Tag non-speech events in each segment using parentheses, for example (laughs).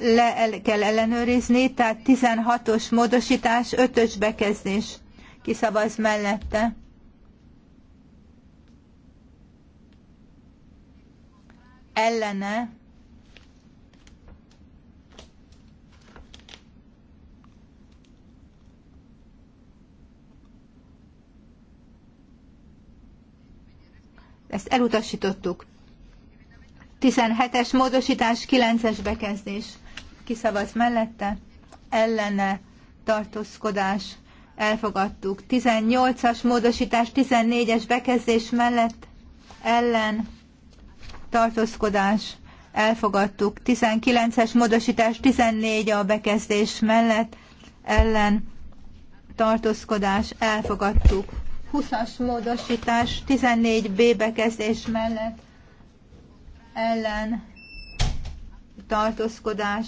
le kell ellenőrizni, tehát 16-os módosítás, 5-ös bekezdés. Kiszavaz mellette. Ellene. Ezt elutasítottuk. 17-es módosítás, 9-es bekezdés kiszavaz mellette, ellene tartózkodás elfogadtuk. 18-as módosítás, 14-es bekezdés mellett ellen tartózkodás elfogadtuk. 19-es módosítás, 14 a bekezdés mellett ellen tartózkodás elfogadtuk. 20-as módosítás, 14b bekezdés mellett ellen tartózkodás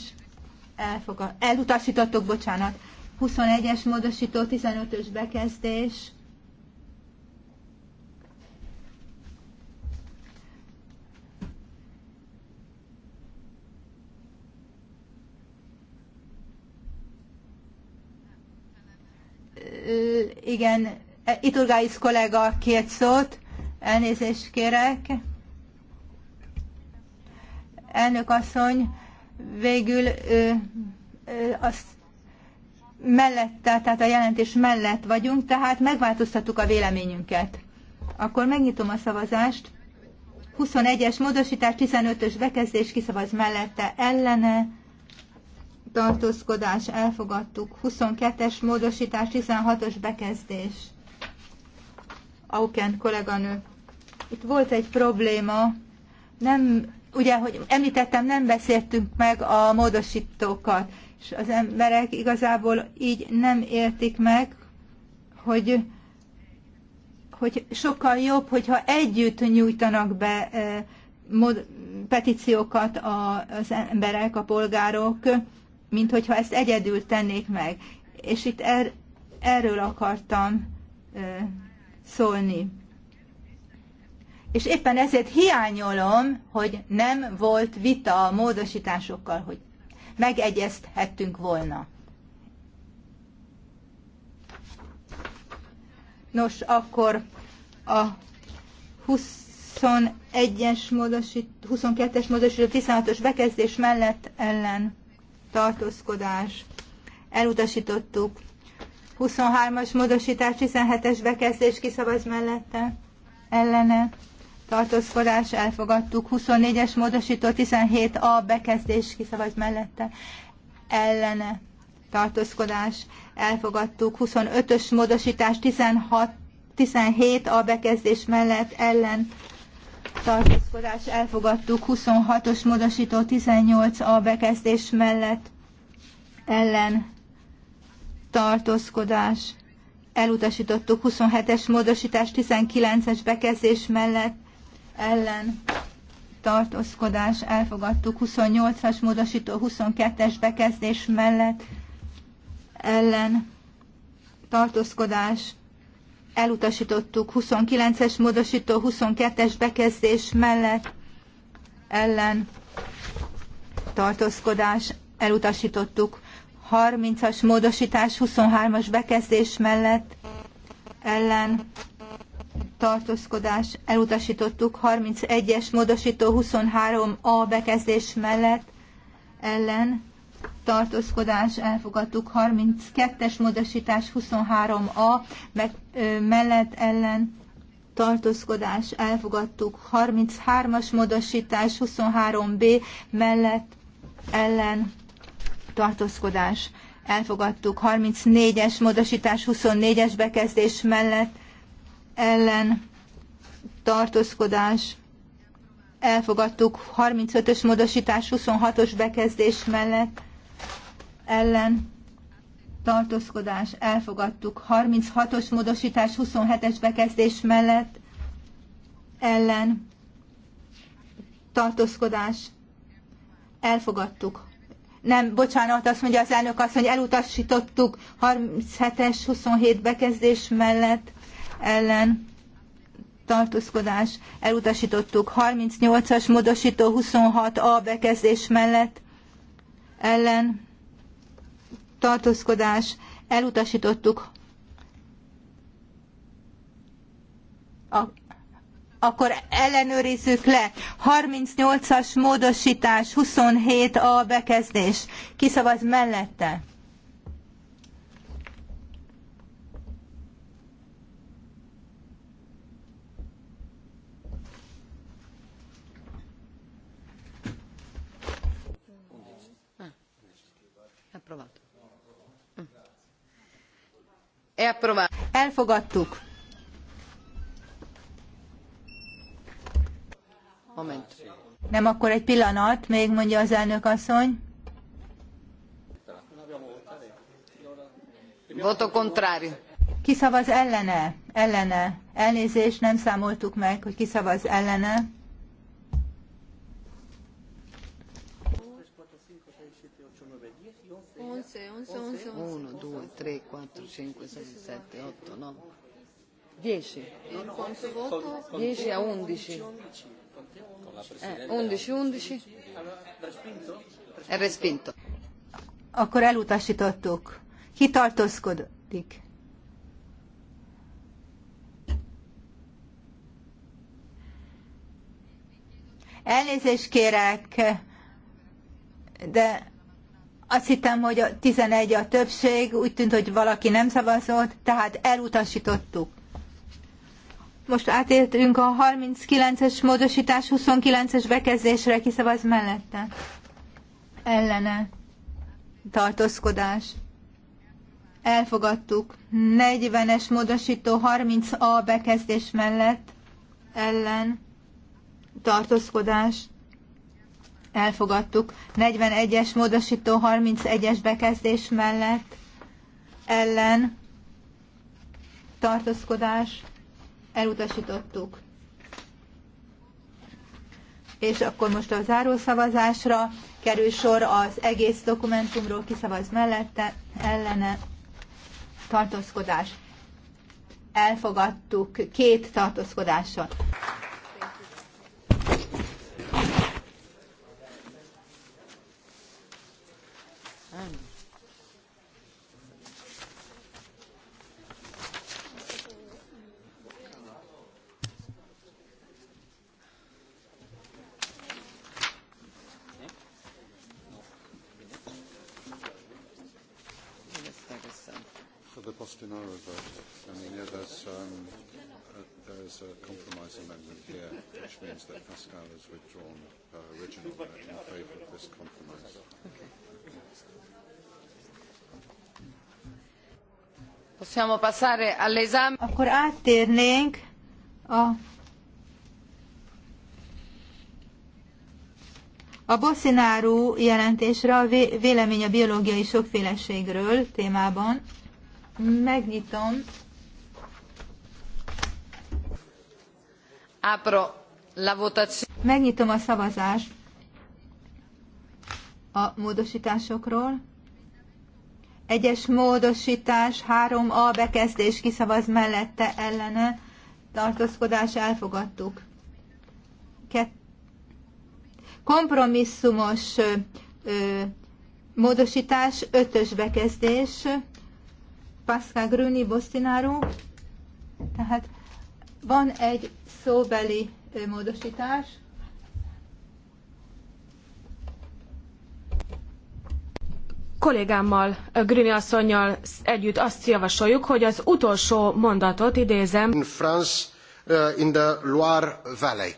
elfogad, elutasítottuk, bocsánat. 21-es módosító, 15-ös bekezdés. igen, e, Iturgáis kollega két szót, elnézést kérek. Elnök asszony, végül ö, ö, mellette, tehát a jelentés mellett vagyunk, tehát megváltoztattuk a véleményünket. Akkor megnyitom a szavazást. 21-es módosítás, 15-ös bekezdés, kiszavaz mellette, ellene, tartózkodás, elfogadtuk. 22-es módosítás, 16-os bekezdés. Auken kolléganő. Itt volt egy probléma, nem Ugye, hogy említettem, nem beszéltünk meg a módosítókat, és az emberek igazából így nem értik meg, hogy, hogy sokkal jobb, hogyha együtt nyújtanak be e, mod, petíciókat a, az emberek, a polgárok, mint hogyha ezt egyedül tennék meg. És itt er, erről akartam e, szólni és éppen ezért hiányolom, hogy nem volt vita a módosításokkal, hogy megegyezhettünk volna. Nos, akkor a 21-es módosít, 22-es módosító 16-os bekezdés mellett ellen tartózkodás elutasítottuk. 23-as módosítás 17-es bekezdés kiszavaz mellette ellene tartózkodás elfogadtuk, 24-es módosító 17a bekezdés kiszavaz mellette ellene tartózkodás elfogadtuk, 25-ös módosítás 16, 17 a bekezdés mellett ellen tartózkodás elfogadtuk, 26-os módosító 18 a bekezdés mellett ellen tartózkodás elutasítottuk, 27-es módosítás 19-es bekezdés mellett ellen tartózkodás elfogadtuk, 28-as módosító 22-es bekezdés mellett ellen tartózkodás elutasítottuk, 29-es módosító 22-es bekezdés mellett ellen tartózkodás elutasítottuk, 30-as módosítás 23-as bekezdés mellett ellen tartózkodás elutasítottuk 31-es módosító 23a bekezdés mellett ellen tartózkodás elfogadtuk 32-es módosítás 23a mellett ellen tartózkodás elfogadtuk 33-as módosítás 23b mellett ellen tartózkodás elfogadtuk 34-es módosítás 24-es bekezdés mellett ellen tartózkodás elfogadtuk 35-ös módosítás 26-os bekezdés mellett ellen tartózkodás elfogadtuk 36-os módosítás 27-es bekezdés mellett ellen tartózkodás elfogadtuk nem, bocsánat, azt mondja az elnök azt, hogy elutasítottuk 37-es, 27 bekezdés mellett ellen tartózkodás elutasítottuk 38-as módosító 26a bekezdés mellett ellen tartózkodás elutasítottuk a, akkor ellenőrizzük le 38-as módosítás 27a bekezdés kiszavaz mellette Elfogadtuk. Moment. Nem, akkor egy pillanat, még mondja az elnök asszony. Voto contrario. Ki szavaz ellene? Ellene. Elnézést, nem számoltuk meg, hogy ki szavaz ellene. Once, once, once, once. 3, 4, 5, 6, 7, 8, 9, 10. Voto? 10 a 11. 11, 11. È respinto. Akkor elutasítottuk. Ki tartózkodik? Elnézést kérek, de azt hittem, hogy a 11 a többség, úgy tűnt, hogy valaki nem szavazott, tehát elutasítottuk. Most átértünk a 39-es módosítás 29-es bekezdésre, kiszavaz mellette. Ellene. Tartózkodás. Elfogadtuk. 40-es módosító 30A bekezdés mellett. Ellen. Tartózkodás elfogadtuk. 41-es módosító 31-es bekezdés mellett ellen tartózkodás elutasítottuk. És akkor most a zárószavazásra kerül sor az egész dokumentumról, kiszavaz mellette, ellene tartózkodás. Elfogadtuk két tartózkodással. for the Postinaro vote. I mean, yeah, there's um, there's a compromise amendment here, which means that Pascal has withdrawn her original in favour of this compromise. Possiamo passare all'esame. Akkor áttérnénk a A Bosszináru jelentésre a vélemény a biológiai sokféleségről témában. Megnyitom Megnyitom a szavazást a módostásokról Egyes módostás három a bekezdés kiszavaz mellette ellene, tartózkodás elfogadtuk. Kett... Kompromisszumos ö, ö, módosítás, ötös bekezdés, Pascal Grüni Bostináró, tehát van egy szóbeli módosítás. kollégámmal, Grüni asszonynal együtt azt javasoljuk, hogy az utolsó mondatot idézem. In France, uh, in the Loire Valley.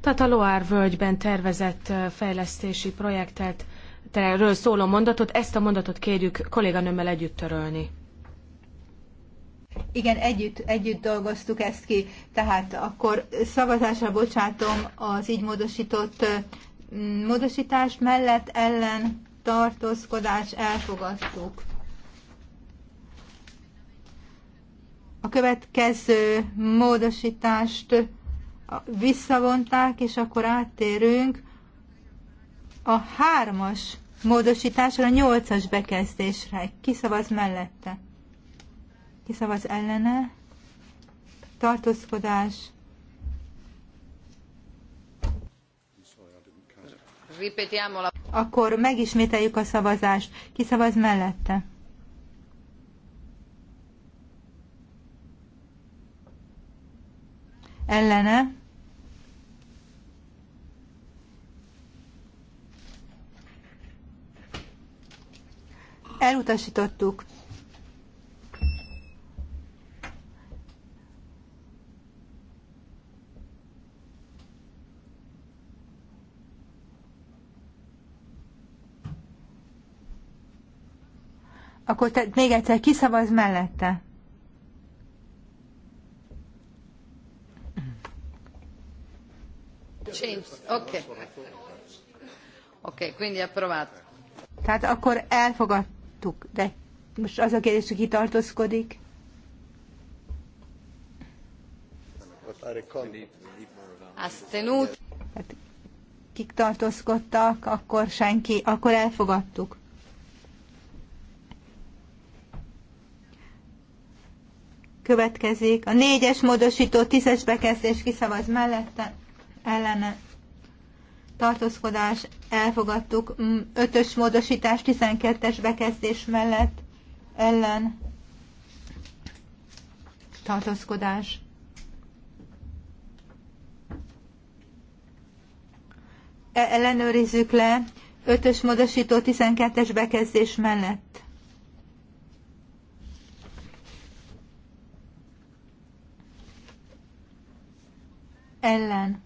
Tehát a Loire völgyben tervezett fejlesztési projektet, ről szóló mondatot, ezt a mondatot kérjük kolléganőmmel együtt törölni. Igen, együtt, együtt dolgoztuk ezt ki. Tehát akkor szavazásra bocsátom az így módosított módosítás mellett ellen tartózkodás elfogadtuk. A következő módosítást visszavonták, és akkor áttérünk a hármas módosításra, a nyolcas bekezdésre. Kiszavaz mellette kiszavaz ellene, tartózkodás. Akkor megismételjük a szavazást. Kiszavaz mellette. Ellene. Elutasítottuk. Akkor te, még egyszer kiszavaz mellette. Change. oké, oké, quindi approvato. Tehát akkor elfogadtuk, de most az a kérdés, hogy ki tartózkodik. Hát, kik tartózkodtak, akkor senki, akkor elfogadtuk. következik. A négyes módosító tízes bekezdés kiszavaz mellette, ellene tartózkodás, elfogadtuk mm, ötös módosítás 12-es bekezdés mellett, ellen tartózkodás. E- ellenőrizzük le ötös módosító 12-es bekezdés mellett. ellen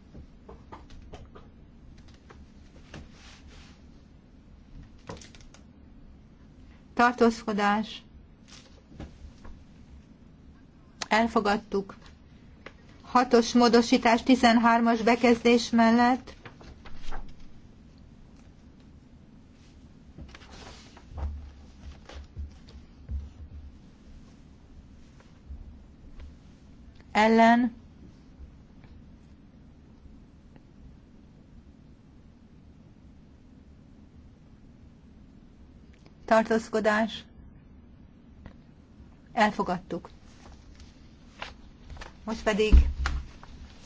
tartózkodás elfogadtuk. Hatos módosítás 13-as bekezdés mellett ellen tartózkodás, elfogadtuk. Most pedig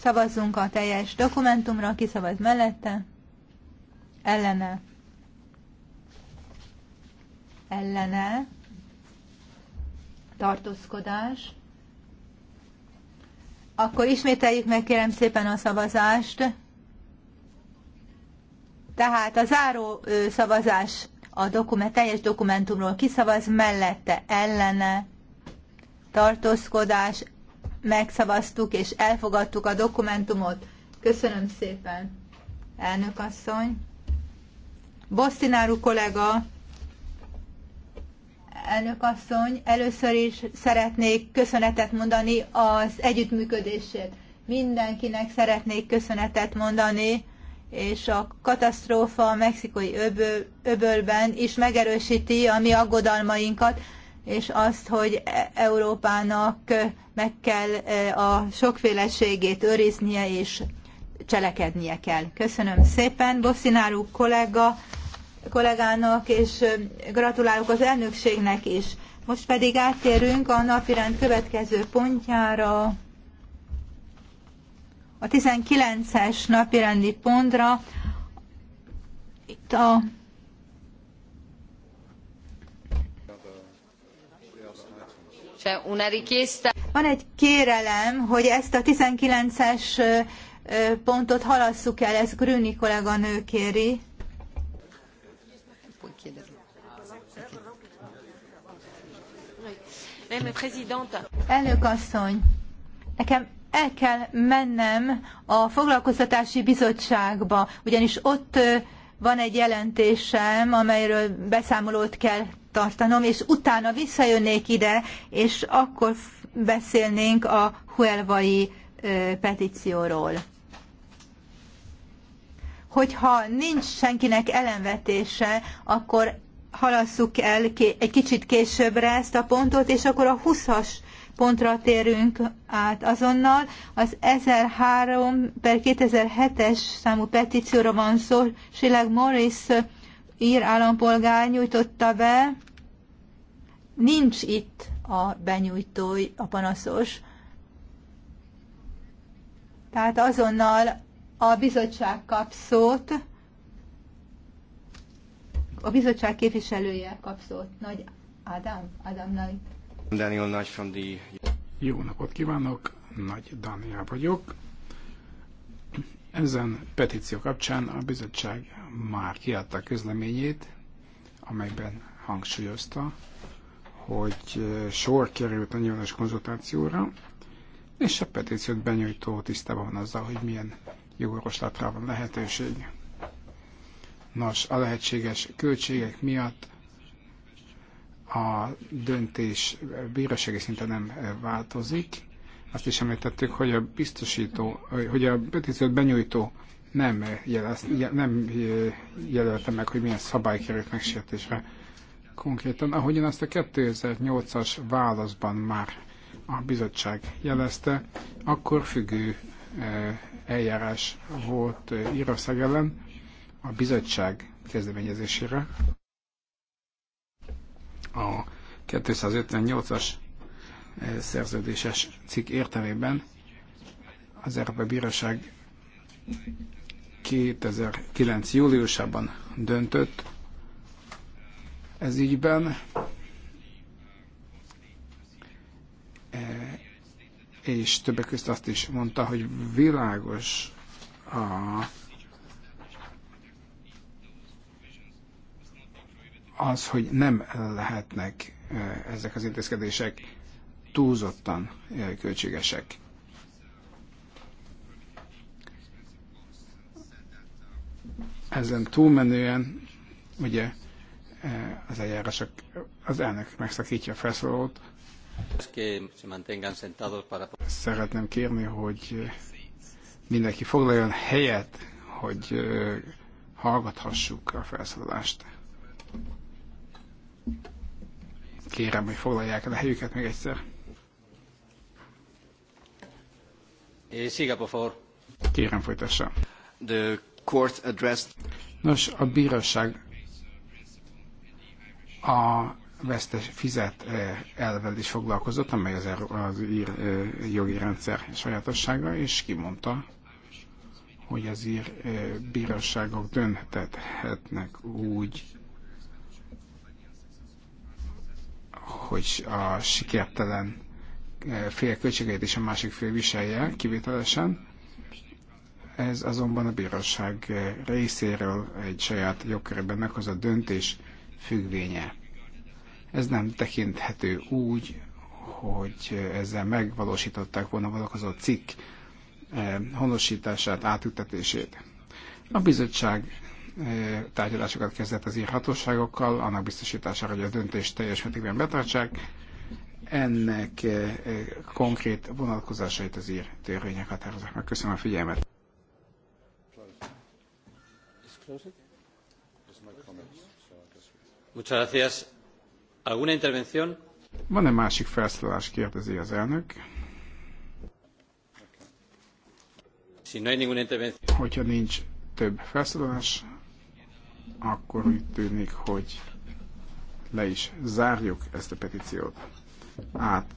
szavazzunk a teljes dokumentumra, ki szavaz mellette, ellene, ellene, tartózkodás. Akkor ismételjük meg kérem szépen a szavazást. Tehát a záró szavazás a dokument, teljes dokumentumról kiszavaz, mellette ellene tartózkodás, megszavaztuk és elfogadtuk a dokumentumot. Köszönöm szépen, elnök asszony. Bosszináru kollega, elnök asszony, először is szeretnék köszönetet mondani az együttműködésért. Mindenkinek szeretnék köszönetet mondani, és a katasztrófa a mexikói öböl, öbölben is megerősíti a mi aggodalmainkat, és azt, hogy e- Európának meg kell a sokféleségét őriznie és cselekednie kell. Köszönöm szépen Bosszináru kollega, kollégának, és gratulálok az elnökségnek is. Most pedig áttérünk a napirend következő pontjára a 19-es napirendi pontra itt a Van egy kérelem, hogy ezt a 19-es pontot halasszuk el, ezt Grüni kolléganő kéri. Elnök asszony, nekem el kell mennem a foglalkoztatási bizottságba, ugyanis ott van egy jelentésem, amelyről beszámolót kell tartanom, és utána visszajönnék ide, és akkor beszélnénk a huelvai petícióról. Hogyha nincs senkinek ellenvetése, akkor halasszuk el egy kicsit későbbre ezt a pontot, és akkor a 20-as pontra térünk át azonnal. Az 1003 per 2007-es számú petícióra van szó. Sileg Morris ír állampolgár nyújtotta be. Nincs itt a benyújtói, a panaszos. Tehát azonnal a bizottság kap szót, a bizottság képviselője kap szót. Nagy Ádám, Ádám Nagy. Daniel Nagy from the... Jó napot kívánok, Nagy Dániel vagyok. Ezen petíció kapcsán a bizottság már kiadta közleményét, amelyben hangsúlyozta, hogy sor került a nyilvános konzultációra, és a petíciót benyújtó tisztában van azzal, hogy milyen jogorvoslatra van lehetőség. Nos, a lehetséges költségek miatt a döntés bírósági szinten nem változik. Azt is említettük, hogy a biztosító, hogy a petíciót benyújtó nem, jelez, nem jelölte meg, hogy milyen szabály került megsértésre konkrétan. Ahogyan azt a 2008-as válaszban már a bizottság jelezte, akkor függő e, eljárás volt Írország ellen a bizottság kezdeményezésére a 258-as eh, szerződéses cikk értelmében az Európai Bíróság 2009. júliusában döntött ez ügyben, eh, és többek között azt is mondta, hogy világos a az, hogy nem lehetnek ezek az intézkedések túlzottan költségesek. Ezen túlmenően ugye az eljárások, az elnök megszakítja a felszólalót. Szeretném kérni, hogy mindenki foglaljon helyet, hogy hallgathassuk a felszólalást. Kérem, hogy foglalják el a helyüket még egyszer. Kérem, folytassa. The court addressed... Nos, a bíróság a vesztes fizet elvel is foglalkozott, amely az, er- az ír jogi rendszer sajátossága, és kimondta, hogy az ír bíróságok dönthethetnek úgy, hogy a sikertelen e, fél költségeit és a másik fél viselje kivételesen. Ez azonban a bíróság e, részéről egy saját jogkörben meghozott döntés függvénye. Ez nem tekinthető úgy, hogy ezzel megvalósították volna valakozott cikk e, honosítását, átültetését. A bizottság tárgyalásokat kezdett az írhatóságokkal, annak biztosítására, hogy a döntést teljes mértékben betartsák. Ennek konkrét vonatkozásait az ír törvények határozzák meg. Köszönöm a figyelmet. Muchas gracias. Van-e másik felszólalás, kérdezi az elnök. Hogyha nincs több felszólalás, akkor úgy tűnik, hogy le is zárjuk ezt a petíciót. Át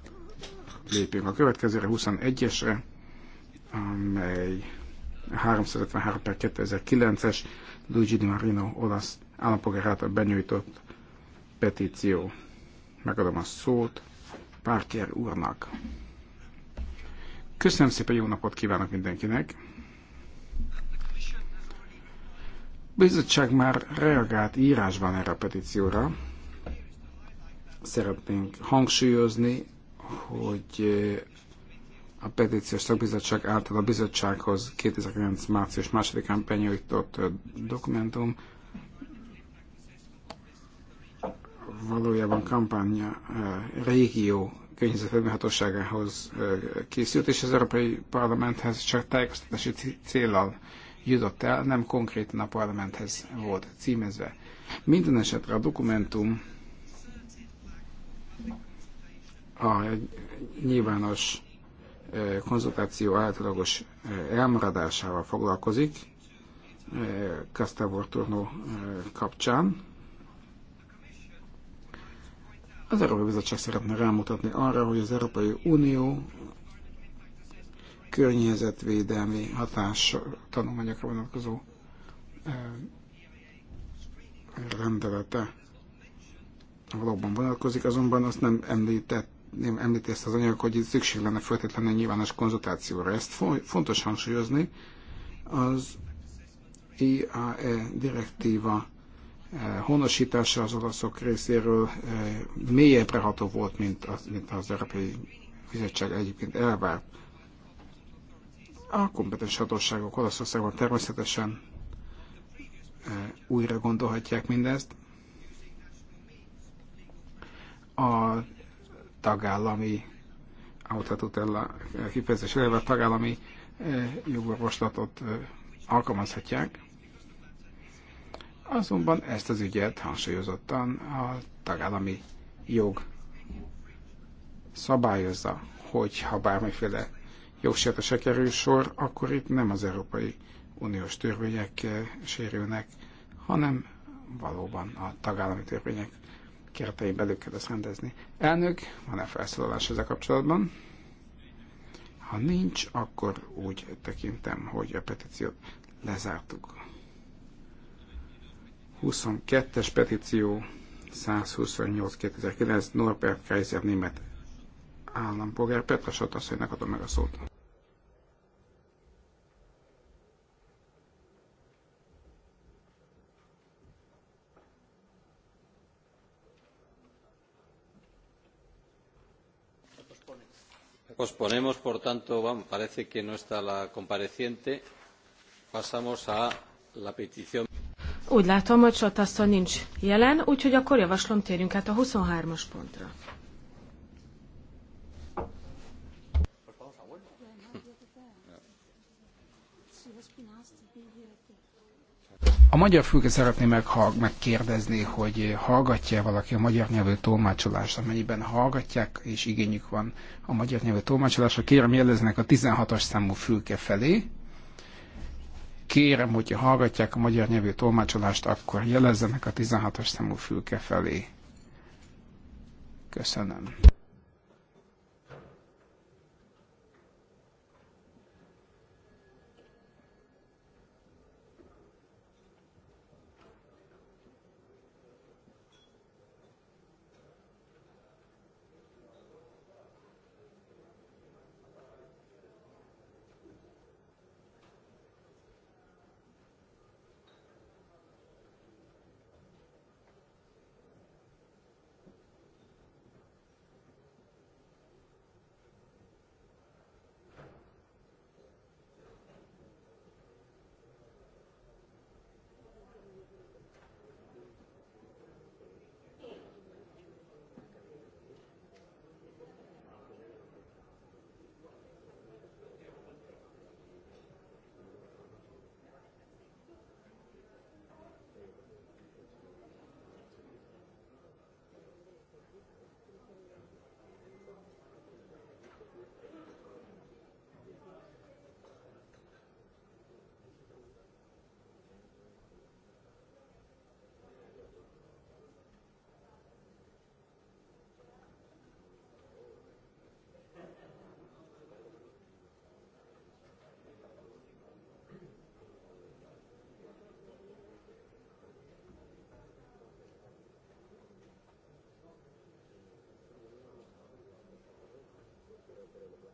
lépünk a következőre, 21-esre, amely 353 per 2009-es Luigi Di Marino olasz állampolgár benyújtott petíció. Megadom a szót Parker úrnak. Köszönöm szépen, jó napot kívánok mindenkinek! bizottság már reagált írásban erre a petícióra. Szeretnénk hangsúlyozni, hogy eh, a petíciós szakbizottság által a bizottsághoz 2009. március 2-án benyújtott eh, dokumentum valójában kampánya eh, régió környezetvédelmi hatóságához készült, és az Európai Parlamenthez csak tájékoztatási célral jutott el, nem konkrétan a parlamenthez volt címezve. Minden esetre a dokumentum a nyilvános konzultáció általagos elmaradásával foglalkozik Castelvortorno kapcsán. Az Európai Bizottság szeretne rámutatni arra, hogy az Európai Unió környezetvédelmi hatás tanulmányokra vonatkozó rendelete valóban vonatkozik, azonban azt nem említett nem említi ezt az anyag, hogy itt szükség lenne feltétlenül nyilvános konzultációra. Ezt fontos hangsúlyozni. Az IAE direktíva honosítása az olaszok részéről mélyebbre ható volt, mint az, mint az Európai Bizottság egyébként elvárt. A kompetens hatóságok Olaszországban természetesen e, újra gondolhatják mindezt. A tagállami autatutella kifejezés eleve a tagállami e, jogorvoslatot e, alkalmazhatják. Azonban ezt az ügyet hangsúlyozottan a tagállami jog szabályozza, hogyha bármiféle jogsértésre kerül sor, akkor itt nem az Európai Uniós törvények eh, sérülnek, hanem valóban a tagállami törvények keretein belül kell ezt rendezni. Elnök, van-e felszólalás ezzel kapcsolatban? Ha nincs, akkor úgy tekintem, hogy a petíciót lezártuk. 22-es petíció 128-2009 Norbert Kaiser német állampolgár Petrasat asszonynak adom meg a szót. posponemos por tanto vamos, parece que no está la compareciente pasamos a la petición Úgy látom, hogy Sotasszony nincs jelen, úgyhogy akkor javaslom térjünk át a 23-as pontra. A magyar fülke szeretném megkérdezni, hogy hallgatja -e valaki a magyar nyelvű tolmácsolást, amennyiben hallgatják és igényük van a magyar nyelvű tolmácsolásra. Kérem jeleznek a 16-as számú fülke felé. Kérem, hogyha hallgatják a magyar nyelvű tolmácsolást, akkor jelezzenek a 16-as számú fülke felé. Köszönöm.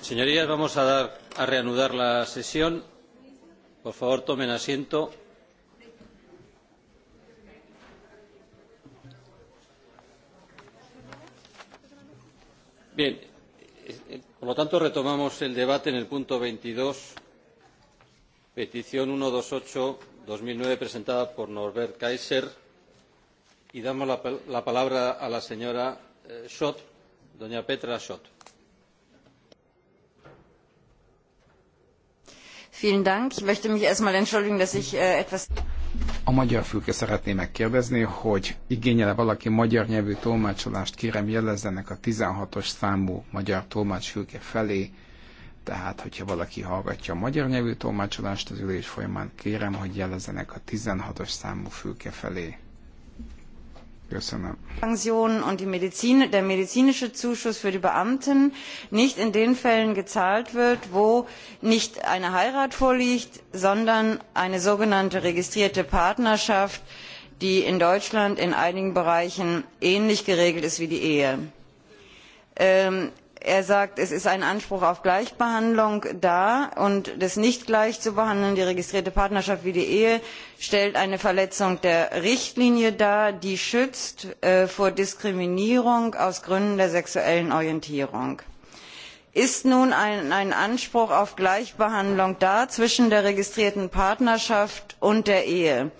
señorías vamos a, reanudar la sesión por favor tomen asiento. por lo tanto retomamos el debate en el punto veintidós petición ciento veintiocho dos mil nueve presentada por norbert kaiser y damos la, la palabra a la señora eh, schott doña petra schott. Vielen Dank. Ich möchte mich erstmal entschuldigen, dass ich äh, etwas... A magyar fülke szeretné megkérdezni, hogy igényele valaki magyar nyelvű tolmácsolást, kérem jelezzenek a 16-os számú magyar tolmácsfülke felé, tehát hogyha valaki hallgatja a magyar nyelvű tolmácsolást az ülés folyamán, kérem, hogy jelezzenek a 16-os számú fülke felé. Köszönöm. Pension und die Medizin, der medizinische Zuschuss für die Beamten nicht in den Fällen gezahlt wird, wo nicht eine Heirat vorliegt, sondern eine sogenannte registrierte Partnerschaft, die in Deutschland in einigen Bereichen ähnlich geregelt ist wie die Ehe. Ähm, er sagt es ist ein anspruch auf gleichbehandlung da und das nicht gleich zu behandeln die registrierte partnerschaft wie die ehe stellt eine verletzung der richtlinie dar die schützt äh, vor diskriminierung aus gründen der sexuellen orientierung. ist nun ein, ein anspruch auf gleichbehandlung da zwischen der registrierten partnerschaft und der ehe?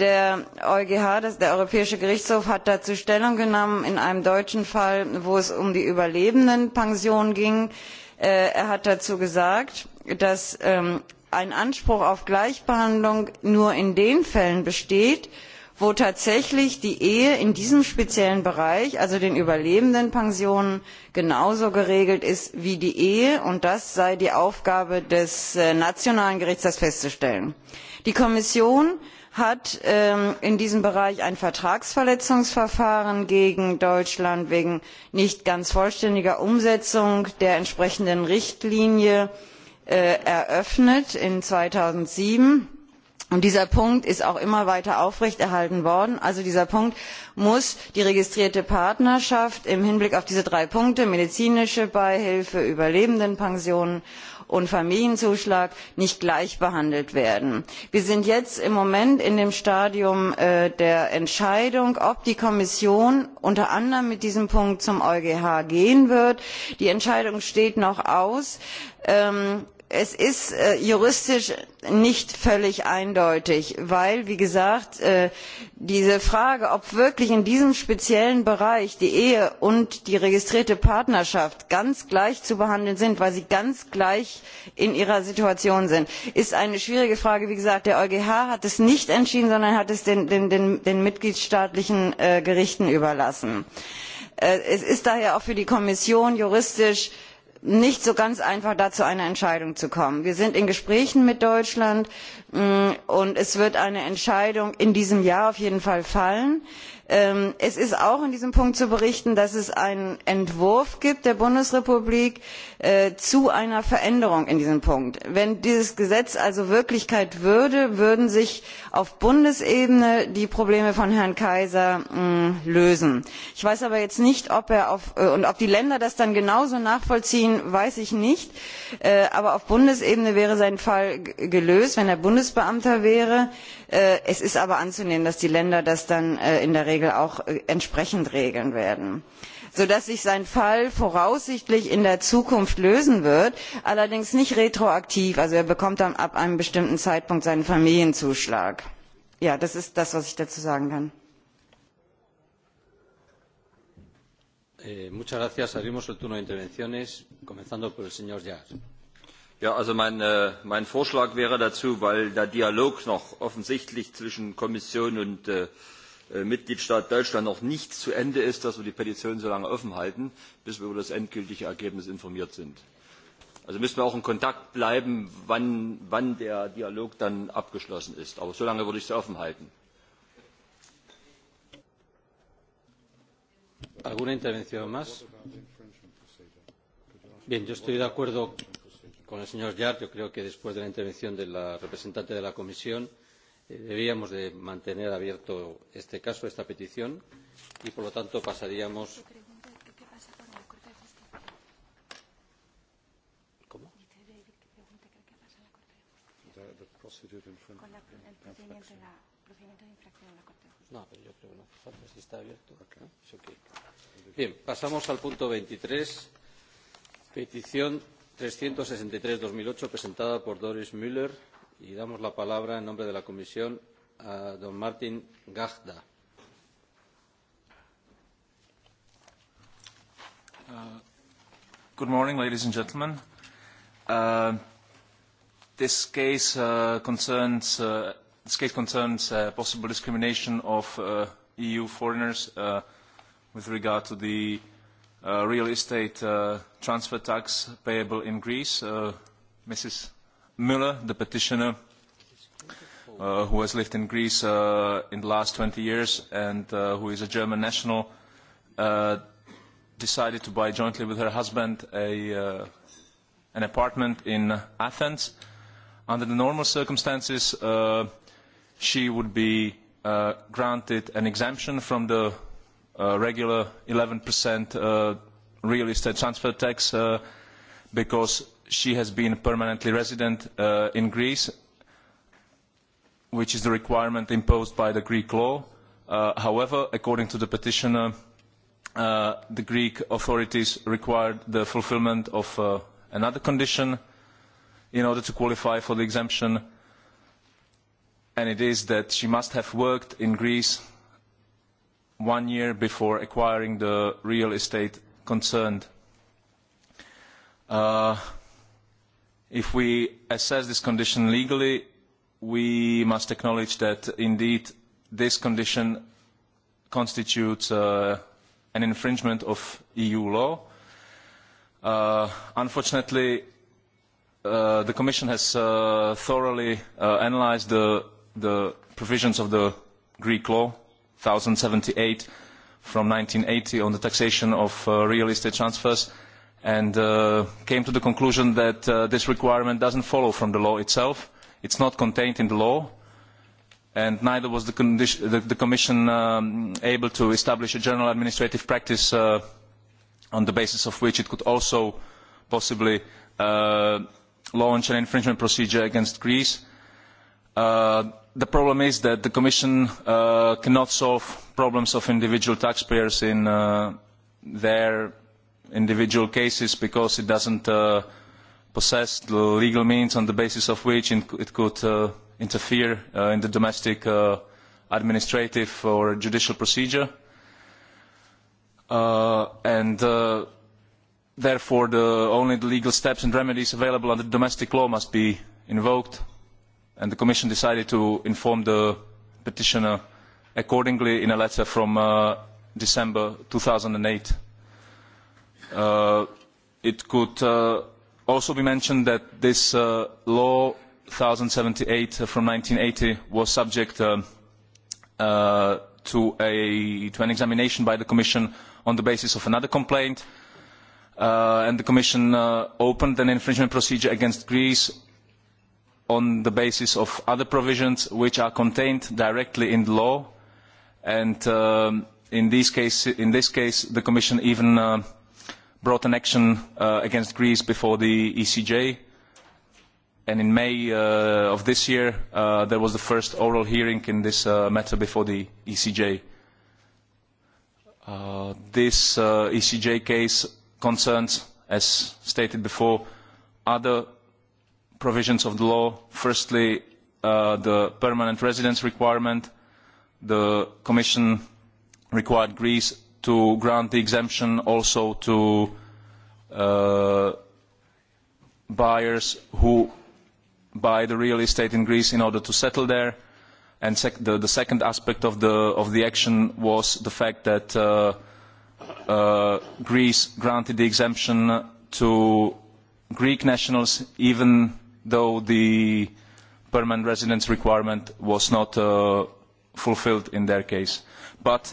der eugh der europäische gerichtshof hat dazu stellung genommen in einem deutschen fall wo es um die überlebendenpension ging. Äh, er hat dazu gesagt dass ähm, ein anspruch auf gleichbehandlung nur in den fällen besteht wo tatsächlich die ehe in diesem speziellen bereich also den überlebendenpensionen genauso geregelt ist wie die ehe und das sei die aufgabe des äh, nationalen gerichts das festzustellen. die kommission hat ähm, in diesem bereich ein vertragsverletzungsverfahren gegen deutschland wegen nicht ganz vollständiger umsetzung der entsprechenden richtlinie äh, eröffnet im jahr. zweitausendsieben und dieser punkt ist auch immer weiter aufrechterhalten worden. also dieser punkt muss die registrierte partnerschaft im hinblick auf diese drei punkte medizinische beihilfe überlebendenpensionen und familienzuschlag nicht gleich behandelt werden. wir sind jetzt im moment in dem stadium äh, der entscheidung ob die kommission unter anderem mit diesem punkt zum eugh gehen wird. die entscheidung steht noch aus. Ähm, es ist äh, juristisch nicht völlig eindeutig weil wie gesagt äh, diese frage ob wirklich in diesem speziellen bereich die ehe und die registrierte partnerschaft ganz gleich zu behandeln sind weil sie ganz gleich in ihrer situation sind ist eine schwierige frage. wie gesagt der eugh hat es nicht entschieden sondern hat es den, mitgliedstaatlichen äh, gerichten überlassen. es ist daher auch für die kommission juristisch nicht so ganz einfach da zu einer entscheidung zu kommen. wir sind in gesprächen mit deutschland mm, und es wird eine entscheidung in diesem jahr auf jeden fall fallen. Ähm, es ist auch in diesem punkt zu berichten dass es einen entwurf der bundesrepublik äh, zu einer veränderung in diesem punkt. wenn dieses gesetz also wirklichkeit würde würden sich auf bundesebene die probleme von herrn keyser lösen. ich weiß aber jetzt nicht ob er äh, und ob die länder das dann genauso nachvollziehen weiß ich nicht äh, aber auf bundesebene wäre sein fall gelöst wenn er bundesbeamter wäre. Äh, es ist aber anzunehmen dass die länder das dann in regel auch äh, entsprechend regeln werden so dass sich sein fall voraussichtlich in der zukunft lösen wird allerdings nicht retroaktiv also er bekommt dann ab einem bestimmten zeitpunkt seinen familienzuschlag. das ist das was ich dazu sagen kann. Eh, äh, mein, vorschlag wäre dazu weil der dialog noch offensichtlich zwischen kommission und äh, Äh, mitgliedstaat deutschland noch nicht zu ende ist dass wir die petition so lange offen halten bis wir über das endgültige ergebnis informiert sind. also müssen wir auch in kontakt bleiben wann, wann der dialog dann abgeschlossen ist. aber so lange würde ich sie offen halten. alguna intervención más? bien yo estoy de acuerdo con el señor jahr. yo creo que después de la intervención de la representante de la comisión deberíamos de mantener abierto este caso, esta petición, y por lo tanto pasaríamos. ¿Cómo? No, pero yo creo que no hace falta si está abierto. Okay. okay. Bien, pasamos al punto 23, petición 363-2008 presentada por Doris Müller y damos la palabra en nombre de la comisión a don gajda. Uh, good morning, ladies and gentlemen. Uh, this case uh, concerns uh, this case concerns uh, possible discrimination of uh, EU foreigners uh, with regard to the uh, real estate uh, transfer tax payable in Greece. Uh, Mrs. Miller, the petitioner, uh, who has lived in Greece uh, in the last 20 years and uh, who is a German national, uh, decided to buy jointly with her husband a, uh, an apartment in Athens. Under the normal circumstances, uh, she would be uh, granted an exemption from the uh, regular 11% uh, real estate transfer tax uh, because she has been permanently resident uh, in Greece, which is the requirement imposed by the Greek law. Uh, however, according to the petitioner, uh, the Greek authorities required the fulfilment of uh, another condition in order to qualify for the exemption, and it is that she must have worked in Greece one year before acquiring the real estate concerned. Uh, if we assess this condition legally, we must acknowledge that indeed this condition constitutes uh, an infringement of EU law. Uh, unfortunately, uh, the Commission has uh, thoroughly uh, analysed the, the provisions of the Greek law 1078 from 1980 on the taxation of uh, real estate transfers and uh, came to the conclusion that uh, this requirement doesn't follow from the law itself. It's not contained in the law, and neither was the, the, the Commission um, able to establish a general administrative practice uh, on the basis of which it could also possibly uh, launch an infringement procedure against Greece. Uh, the problem is that the Commission uh, cannot solve problems of individual taxpayers in their individual cases because it doesn't uh, possess the legal means on the basis of which it could uh, interfere uh, in the domestic uh, administrative or judicial procedure. Uh, and uh, therefore, the, only the legal steps and remedies available under domestic law must be invoked. And the Commission decided to inform the petitioner accordingly in a letter from uh, December 2008. Uh, it could uh, also be mentioned that this uh, law 1078 from 1980 was subject um, to, an examination by the Commission on the basis of another complaint, and the Commission opened an infringement procedure against Greece on the basis of other provisions which are contained directly in the law. And um, in, this case, the Commission even brought an action uh, against Greece before the ECJ. And in May uh, of this year, uh, there was the first oral hearing in this uh, matter before the ECJ. Uh, this uh, ECJ case concerns, as stated before, other provisions of the law. Firstly, uh, the permanent residence requirement. The Commission required Greece to grant the exemption also to uh, buyers who buy the real estate in Greece in order to settle there. And sec the, the, second aspect of the, of the action was the fact that uh, uh, Greece granted the exemption to Greek nationals even though the permanent residence requirement was not uh, fulfilled in their case. But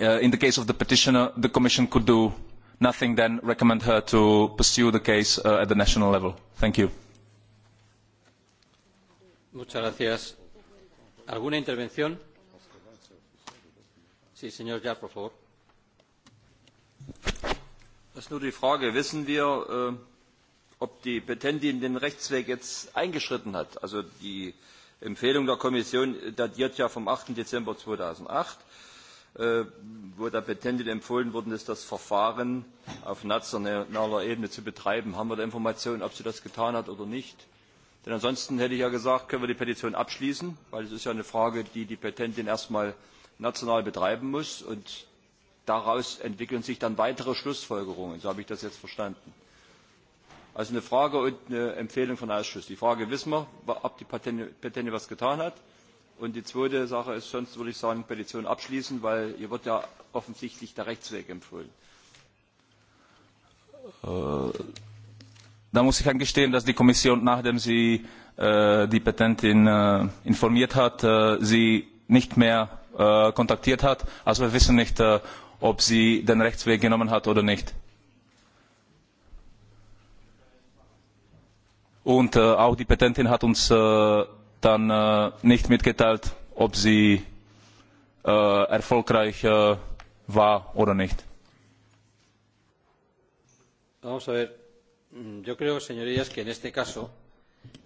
Uh, in the case of the petitioner, the Commission could do nothing than recommend her to pursue the case uh, at the national level. Thank you. Muchas gracias. ¿Alguna intervención? Sí, señor Jar, por favor. Das nur die Frage, wissen wir, äh, ob die Petentin den Rechtsweg jetzt eingeschritten hat? Also die Empfehlung der Kommission datiert ja vom 8. Dezember 2008 Äh, wo der Petente empfohlen worden ist, das Verfahren auf nationaler Ebene zu betreiben. Haben wir da Informationen, ob sie das getan hat oder nicht? Denn ansonsten hätte ich ja gesagt, können wir die Petition abschließen, weil es ist ja eine Frage, die die Petentin erst einmal national betreiben muss und daraus entwickeln sich dann weitere Schlussfolgerungen. So habe ich das jetzt verstanden. Also eine Frage und eine Empfehlung für den Ausschuss. Die Frage wissen wir, ob die petentin etwas getan hat. Und die zweite Sache ist, sonst würde ich sagen, Petition abschließen, weil hier wird ja offensichtlich der Rechtsweg empfohlen. Äh, da muss ich eingestehen, dass die Kommission, nachdem sie äh, die Petentin äh, informiert hat, äh, sie nicht mehr äh, kontaktiert hat. Also wir wissen nicht, äh, ob sie den Rechtsweg genommen hat oder nicht. Und äh, auch die Petentin hat uns äh, dann äh, nicht mitgeteilt, ob sie äh, erfolgreich äh, war oder nicht. Vamos a ver. Yo creo, señorías, que en este caso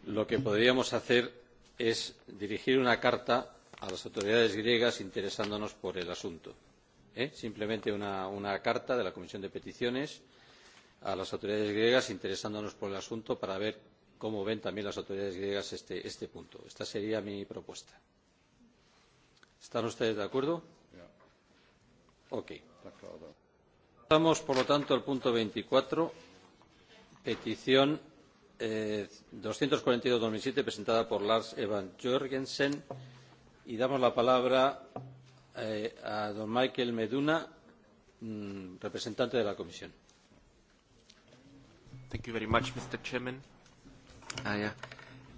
lo que podríamos hacer es dirigir una carta a las autoridades griegas interesándonos por el asunto. ¿Eh? Simplemente una, una carta de la Comisión de Peticiones a las autoridades griegas interesándonos por el asunto para ver cómo ven también las autoridades griegas este, este punto. Esta sería mi propuesta. ¿Están ustedes de acuerdo? Ok. Pasamos, por lo tanto, al punto 24, petición eh, 242-2007, presentada por Lars Evan Jorgensen. Y damos la palabra eh, a don Michael Meduna, mm, representante de la Comisión. Thank you very much, Mr. Chairman. Ah,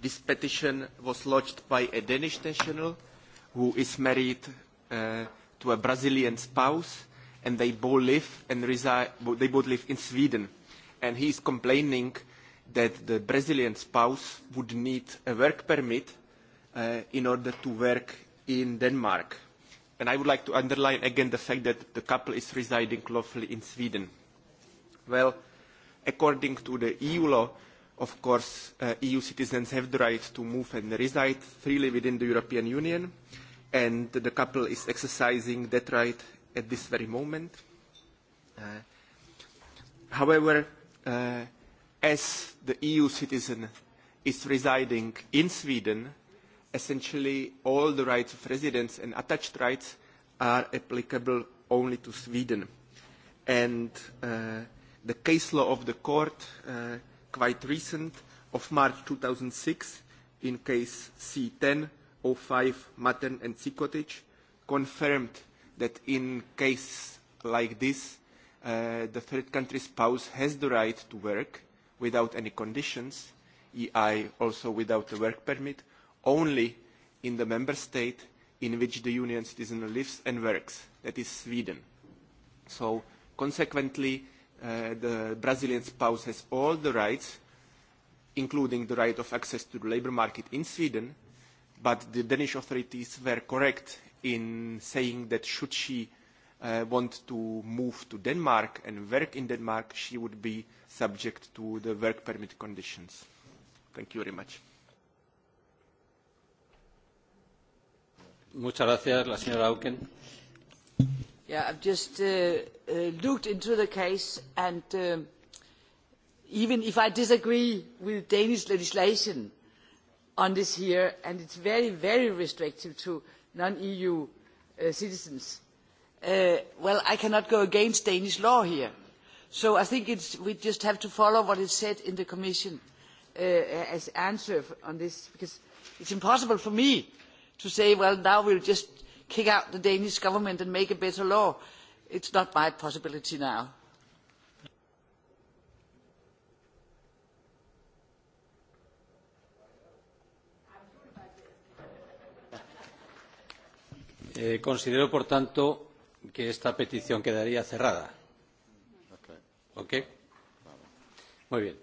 This petition was lodged by a Danish national who is married uh, to a Brazilian spouse, and they both live and reside. They both live in Sweden, and he is complaining that the Brazilian spouse would need a work permit uh, in order to work in Denmark. And I would like to underline again the fact that the couple is residing lawfully in Sweden. Well, according to the EU law, Of course, uh, EU citizens have the right to move and reside freely within the European Union, and the couple is exercising that right at this very moment. Uh, however, uh, as the EU citizen is residing in Sweden, essentially all the rights of residence and attached rights are applicable only to Sweden. And uh, the case law of the court uh, quite recent, of March 2006 in case C1005 Mattern and Cottage confirmed that in case like this, uh, the third country spouse has the right to work without any conditions, EI also without a work permit, only in the member state in which the union citizen lives and works, that is Sweden. So consequently, uh, the Brazilian spouse has all the rights, including the right of access to the labor market in Sweden, but the Danish authorities were correct in saying that should she uh, want to move to Denmark and work in Denmark, she would be subject to the work permit conditions. Thank you very much. Muchas gracias, la señora Auken. I've just uh, uh, looked into the case, and um, even if I disagree with Danish legislation on this here, and it's very, very restrictive to non-EU uh, citizens, well, I cannot go against Danish law here. So I think we just have to follow what is said in the Commission as answer on this, because it's impossible for me to say, well, now we'll just kick out the Danish government and make a better law. It's not my possibility now. Eh, considero por tanto que esta petición quedaría cerrada. ¿Ok? Muy bien.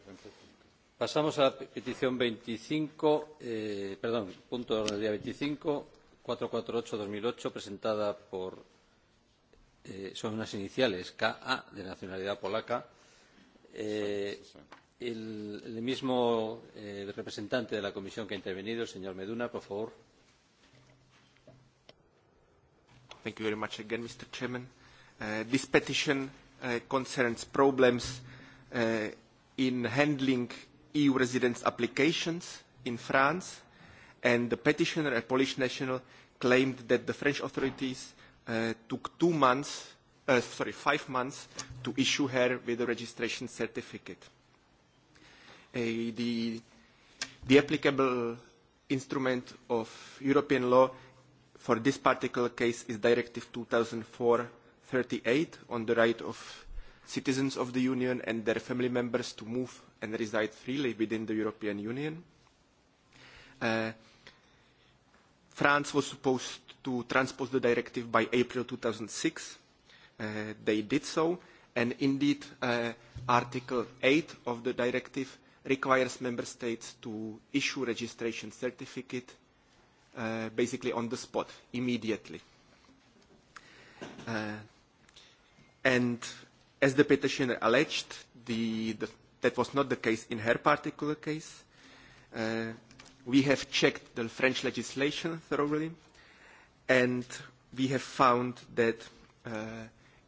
pasamos a la petición veinticinco eh, perdón punto del orden del día veinticinco cuatrocientos cuarenta y ocho dos mil ocho presentada por eh, son unas iniciales ka de nacionalidad polaca eh, el, mismo eh, representante de la comisión que ha intervenido el señor medina por favor. Thank you very much again, Mr. Chairman. Uh, this petition uh, concerns problems uh, in handling EU residence applications in France and the petitioner, a Polish national, claimed that the French authorities uh, took two months, uh, sorry, five months to issue her with a registration certificate. Uh, the, the applicable instrument of European law for this particular case is Directive 2004-38 on the right of citizens of the Union and their family members to move and reside freely within the European Union. Uh, France was supposed to transpose the directive by April 2006. Uh, they did so, and indeed, uh, Article 8 of the directive requires member states to issue registration certificate uh, basically on the spot, immediately. Uh, and as the petitioner alleged, the, the, that was not the case in her particular case. Uh, we have checked the French legislation thoroughly, and we have found that uh,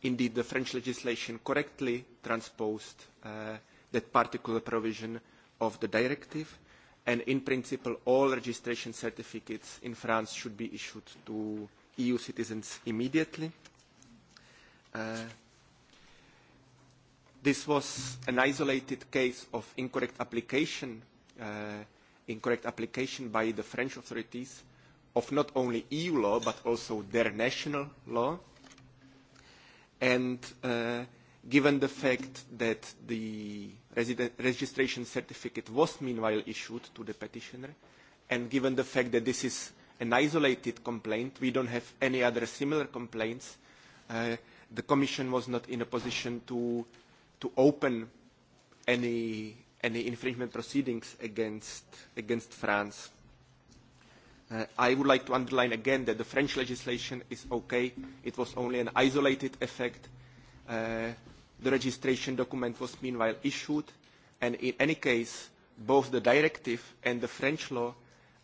indeed the French legislation correctly transposed uh, that particular provision of the directive, and in principle all registration certificates in France should be issued to EU citizens immediately. Uh, this was an isolated case of incorrect application uh, incorrect application by the French authorities of not only EU law but also their national law. And uh, given the fact that the registration certificate was meanwhile issued to the petitioner, and given the fact that this is an isolated complaint, we don't have any other similar complaints, uh, the Commission was not in a position to, to open any any infringement proceedings against, against France. Uh, I would like to underline again that the French legislation is okay. It was only an isolated effect. Uh, the registration document was meanwhile issued, and in any case, both the directive and the French law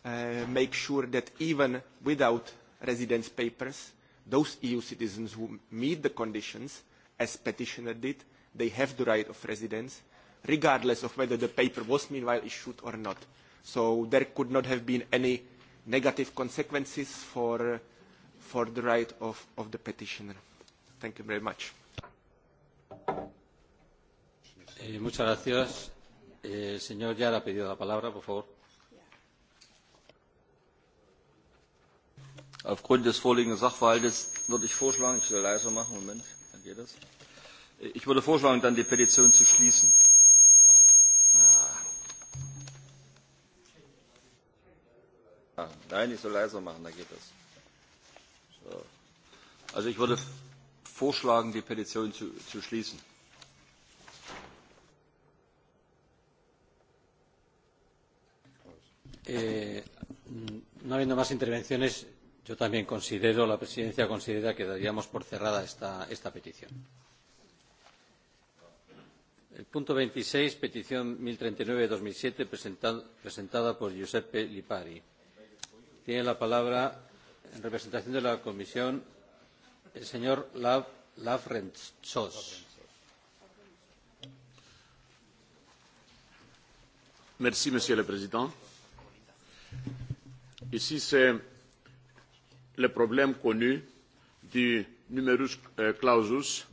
uh, make sure that even without residence papers, those EU citizens who meet the conditions, as petitioner did, they have the right of residence, regardless of whether the paper was meanwhile issued or not. So there could not have been any negative consequences for, for the right of, of the petitioner. Thank you very much. Eh, muchas gracias. Eh, el señor ha pedido la palabra, por favor. Aufgrund des vorliegenden Sachverhaltes würde ich vorschlagen, ich soll leiser machen, Moment, dann geht das. Eh, ich würde vorschlagen, dann die Petition zu schließen. Nein, nicht so leise machen, da geht das. So. Also ich würde vorschlagen, die Petition zu, zu schließen. Eh, no habiendo más intervenciones, yo también considero, la presidencia considera que daríamos por cerrada esta, esta petición. El punto 26, petición 1039-2007, presenta, presentada por Giuseppe Lipari tiene la palabra en representación de la comisión el señor Merci, Monsieur le Président. Ici, c'est le problème connu du numerus euh, clausus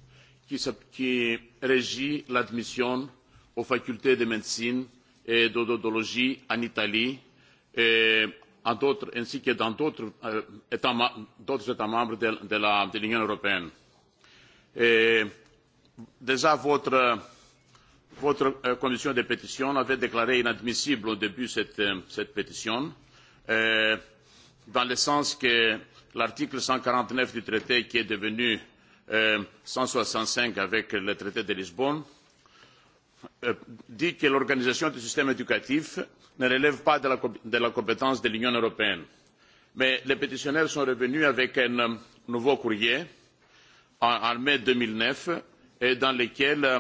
qui, qui régit l'admission aux facultés de médecine et d'odontologie en Italie et euh, ainsi que dans d'autres États, membres de, l'Union européenne. E, uh, uh, déjà, votre, commission des pétitions avait déclaré inadmissible au début cette, uh, pétition, e, dans le sens que l'article cent quarante neuf du traité qui est devenu e, cent soixante cinq avec le traité de Lisbonne, Euh, dit que l'organisation du système éducatif ne relève pas de la, de la compétence de l'Union européenne. Mais les pétitionnaires sont revenus avec un euh, nouveau courrier en, en mai 2009 et dans lequel euh,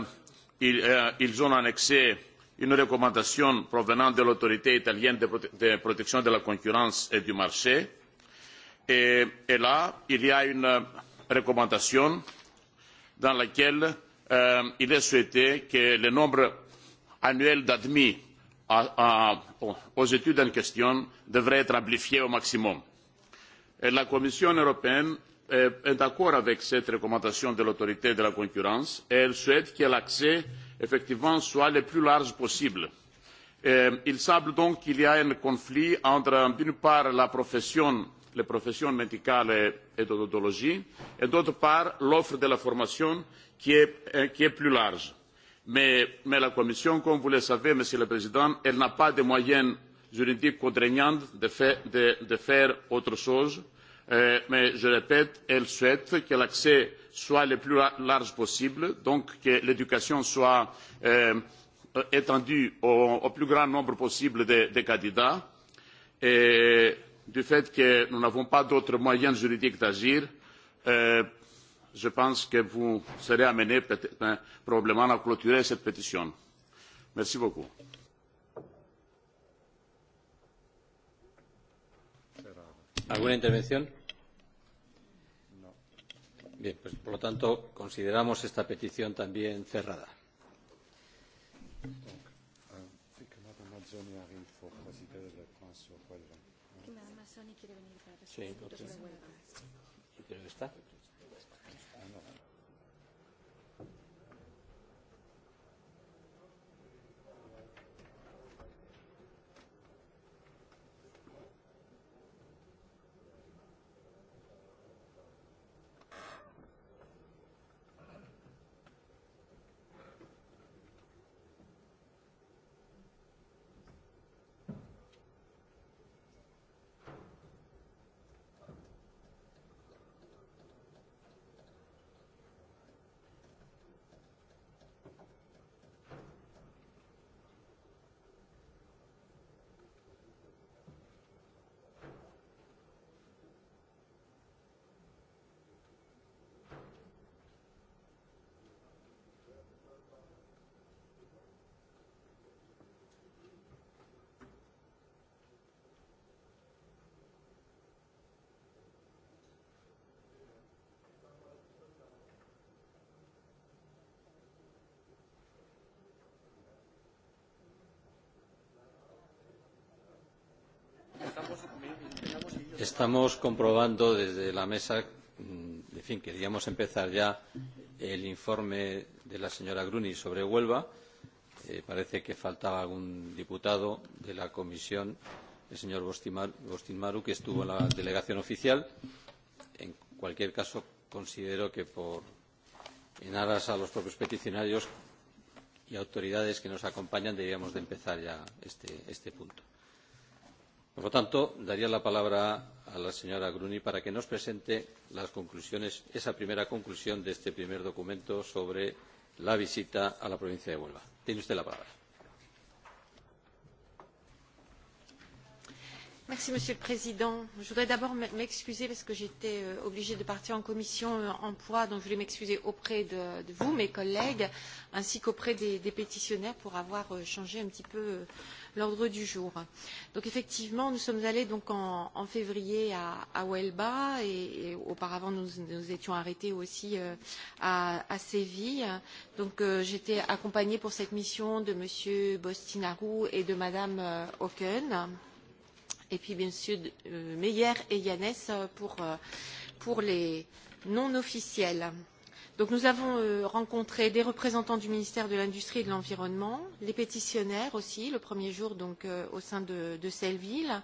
ils, euh, ils ont annexé une recommandation provenant de l'autorité italienne de, prote de protection de la concurrence et du marché. Et, et là, il y a une recommandation dans laquelle euh, il est souhaité que le nombre annuel d'admis aux études en question devrait être amplifié au maximum. Et la Commission européenne est d'accord avec cette recommandation de l'autorité de la concurrence et elle souhaite que l'accès effectivement soit le plus large possible. Et euh, il semble donc qu'il y a un conflit entre d'une part la profession les professions médicales et d'odontologie et d'autre part l'offre de la formation qui eh, est, qui est plus large. Mais, mais la Commission, comme vous le savez, Monsieur le Président, elle n'a pas de moyens juridiques contraignants de, fait, de, de faire autre chose. Euh, mais je répète, elle souhaite que l'accès soit le plus large possible, donc que l'éducation soit euh, étendue au, au plus grand nombre possible de, de candidats. Et du fait que nous n'avons pas d'autres moyens juridiques d'agir, euh, je pense que vous serez amené hein, probablement à clôturer cette pétition. Merci beaucoup. ¿Alguna intervención? Bien, pues, por lo tanto, consideramos esta petición también cerrada. Sí, no sé. ¿Pero está? estamos comprobando desde la mesa mm, en fin queríamos empezar ya el informe de la señora gruny sobre huelva eh, parece que faltaba algún diputado de la comisión el señor botinaru que estuvo en la delegación oficial. en cualquier caso considero que por, en aras a los propios peticionarios y autoridades que nos acompañan deberíamos de empezar ya este, este punto por lo tanto daría la palabra a la señora gruny para que nos presente las conclusiones esa primera conclusión de este primer documento sobre la visita a la provincia de huelva. tiene usted la palabra. Merci, monsieur le président je voudrais d'abord m'excuser parce que j'étais euh, obligée de partir en commission emploi euh, donc je voulais m'excuser auprès de, de vous mes collègues ainsi qu'auprès des, des pétitionnaires pour avoir euh, changé un petit peu euh, l'ordre du jour. Donc effectivement, nous sommes allés donc en, en février à, à Huelba et, et auparavant nous nous étions arrêtés aussi euh, à, à Séville. Donc euh, j'étais accompagnée pour cette mission de Monsieur Bostinarou et de Madame euh, Hawken et puis bien sûr euh, Meyer et Yannès pour, euh, pour les non officiels. Donc nous avons euh, rencontré des représentants du ministère de l'Industrie et de l'Environnement, les pétitionnaires aussi, le premier jour donc euh, au sein de, de Selleville.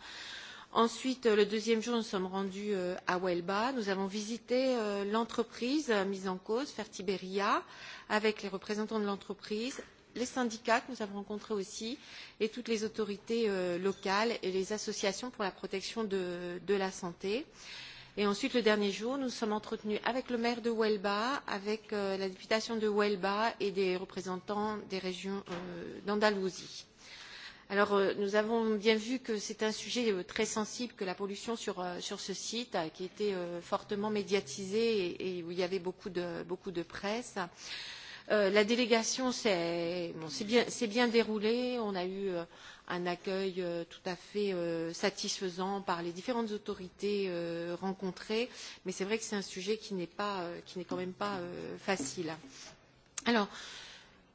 Ensuite, euh, le deuxième jour, nous sommes rendus euh, à Huelba. Nous avons visité euh, l'entreprise euh, mise en cause, Fertiberia, avec les représentants de l'entreprise, les syndicats que nous avons rencontrés aussi, et toutes les autorités euh, locales et les associations pour la protection de, de la santé. Euh, Et ensuite, le dernier jour, nous sommes entretenus avec le maire de Huelba, avec euh, la députation de Huelba et des représentants des régions euh, d'Andalousie. Alors, euh, nous avons bien vu que c'est un sujet euh, très sensible que la pollution sur, euh, sur ce site, qui était euh, fortement médiatisé et, et où il y avait beaucoup de, beaucoup de presse. Euh, la délégation s'est bon, bien, bien déroulée. On a eu euh, un accueil euh, tout à fait euh, satisfaisant par les différentes autorités euh, rencontrées, mais c'est vrai que c'est un sujet qui n'est pas, euh, qui n'est quand même pas euh, facile. Alors,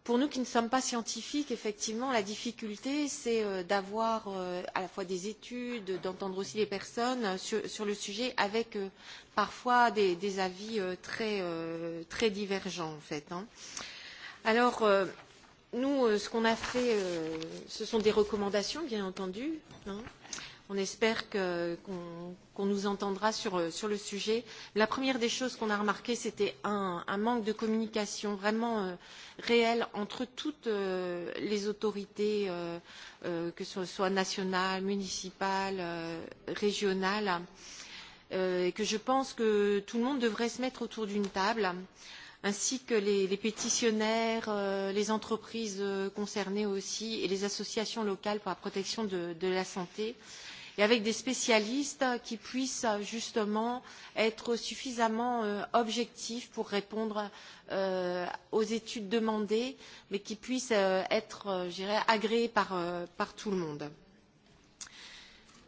pour nous qui ne sommes pas scientifiques, effectivement, la difficulté, c'est euh, d'avoir euh, à la fois des études, d'entendre aussi les personnes euh, sur, sur le sujet, avec euh, parfois des, des avis euh, très, euh, très divergents, en fait. Hein. Alors, euh, nous, euh, ce qu'on a fait, euh, ce sont des recommandations, bien entendu. Hein. On espère qu'on qu, qu nous entendra sur, euh, sur le sujet. La première des choses qu'on a remarqué, c'était un, un manque de communication vraiment euh, réel entre toutes euh, les autorités, euh, euh, que ce soit nationales, municipales, euh, régionales, euh, et que je pense que tout le monde devrait se mettre autour d'une table. Euh, ainsi que les, les pétitionnaires, euh, les entreprises euh, concernées aussi et les associations locales pour la protection de, de la santé et avec des spécialistes qui puissent justement être suffisamment euh, objectifs pour répondre euh, aux études demandées, mais qui puissent être, agréés par, par tout le monde. Euh,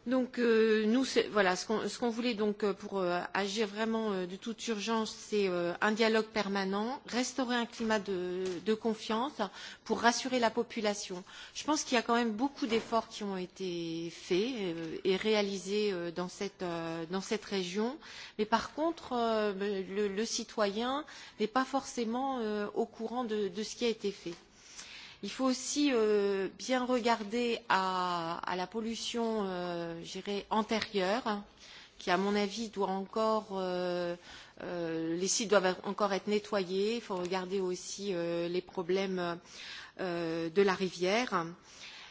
Donc euh, nous, voilà, ce qu'on qu, voulait donc euh, pour euh, agir vraiment euh, de toute urgence, c'est euh, un dialogue permanent, restaurer un climat de, de confiance pour rassurer la population. Je pense qu'il y a quand même beaucoup d'efforts qui ont été faits euh, et réalisés euh, dans, cette, euh, dans cette région, mais par contre, euh, le, le citoyen n'est pas forcément euh, au courant de, de ce qui a été fait. Il faut aussi euh, bien regarder à, à la pollution euh, antérieure, qui, à mon avis, doit encore euh, euh, les sites doivent encore être nettoyés. Il faut regarder aussi euh, les problèmes euh, de la rivière.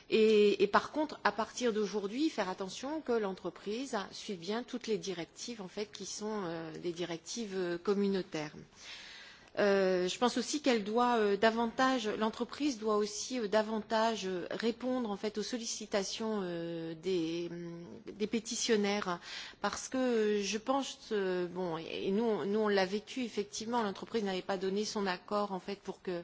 Et, et par contre, à partir d'aujourd'hui, faire attention que l'entreprise suive bien toutes les directives en fait, qui sont euh, des directives euh, communautaires. Euh, Euh, je pense aussi qu'elle doit euh, davantage, l'entreprise doit aussi euh, davantage répondre en fait aux sollicitations mm, des, pétitionnaires parce que je pense, bon, et nous, nous on l'a vécu effectivement, l'entreprise n'avait pas donné son accord en fait pour que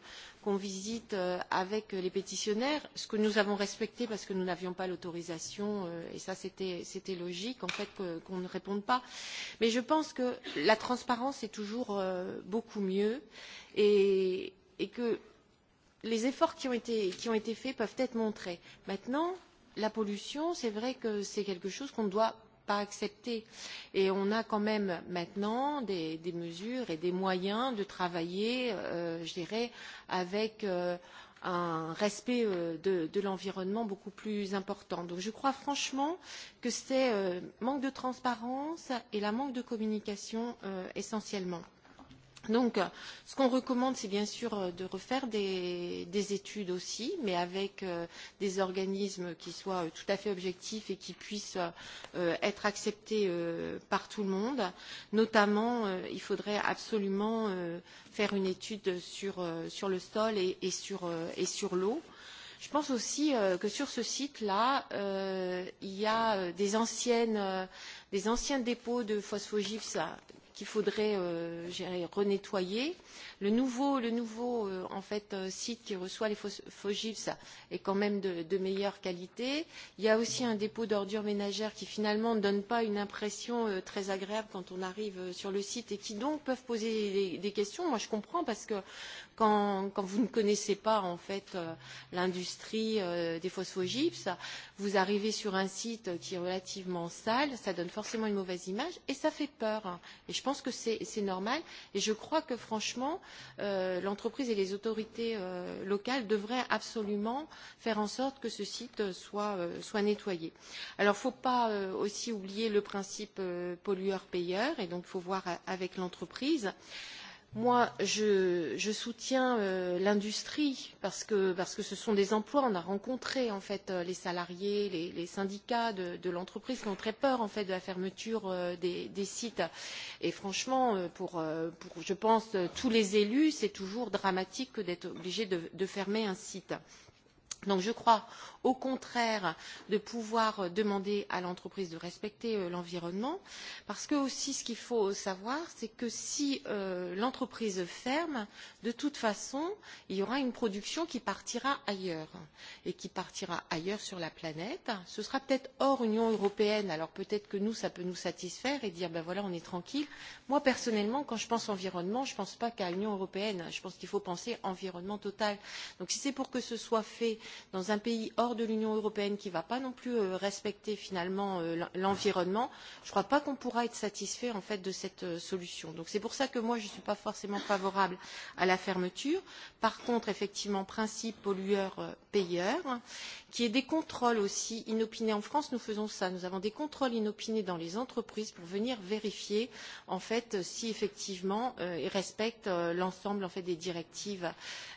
qu'on visite euh, avec les pétitionnaires ce que nous avons respecté parce que nous n'avions pas l'autorisation euh, et ça c'était logique en fait qu'on ne réponde pas mais je pense que la transparence est toujours euh, beaucoup mieux et, que les efforts qui ont, été, qui ont été faits peuvent être montrés. Maintenant, la pollution, c'est vrai que c'est quelque chose qu'on ne doit pas acceptée Et on a quand même maintenant des, mesures et des moyens de travailler, euh, je dirais, avec euh, un respect euh, de, l'environnement beaucoup plus important. Donc je crois franchement que c'est le manque de transparence et le manque de communication essentiellement. Donc, euh, ce qu'on recommande, c'est bien sûr euh, de refaire des, études aussi, mais avec euh, des organismes qui soient tout à fait objectifs et qui puissent être acceptés par tout le monde. Notamment, il faudrait absolument faire une étude sur, le sol et, sur, l'eau. Je pense aussi que sur ce site-là, il y a des anciens dépôts de phosphogypse qu'il faudrait euh, renettoyer. Le nouveau, le nouveau euh, en fait, euh, site qui reçoit les FOGIPS est quand même de, de meilleure qualité. Il y a aussi un dépôt d'ordures ménagères qui finalement ne donne pas une impression euh, très agréable quand on arrive euh, sur le site et qui donc peuvent poser des, des questions. Moi je comprends parce que quand, vous ne connaissez pas en fait euh, l'industrie euh, des phosphogypses, vous arrivez sur un site qui est relativement sale, ça donne forcément une mauvaise image et ça fait peur. Et je pense que c'est normal. Et je crois que franchement, euh, l'entreprise et les autorités locales devraient absolument faire en sorte que ce site soit, soit nettoyé. Alors, il ne faut pas aussi oublier le principe pollueur-payeur et donc il faut voir avec l'entreprise. Euh, Moi, je, je soutiens euh, l'industrie parce que, parce que ce sont des emplois. On a rencontré en fait euh, les salariés, les, les syndicats de, de l'entreprise qui ont très peur en fait de la fermeture euh, des, des sites. Et franchement, euh, pour, euh, pour je pense tous les élus, c'est toujours dramatique d'être obligé de, de fermer un site. Euh, donc je crois au contraire de pouvoir demander à l'entreprise de respecter euh, l'environnement parce que aussi ce qu'il faut savoir c'est que si euh, l'entreprise ferme de toute façon il y aura une production qui partira ailleurs et qui partira ailleurs sur la planète ce sera peut être hors union européenne alors peut être que nous ça peut nous satisfaire et dire ben voilà on est tranquille moi personnellement quand je pense environnement je ne pense pas qu'à union européenne je pense qu'il faut penser environnement total donc si c'est pour que ce soit fait dans un pays hors de l'Union européenne qui ne va pas non plus euh, respecter finalement euh, l'environnement, je ne crois pas qu'on pourra être satisfait en fait de cette euh, solution. Donc c'est pour cela que moi je ne suis pas forcément favorable à la fermeture. Par contre, effectivement, principe pollueur-payeur, qu'il y ait des contrôles aussi inopinés. En France, nous faisons cela Nous avons des contrôles inopinés dans les entreprises pour venir vérifier en fait si effectivement euh, ils respectent l'ensemble en fait des directives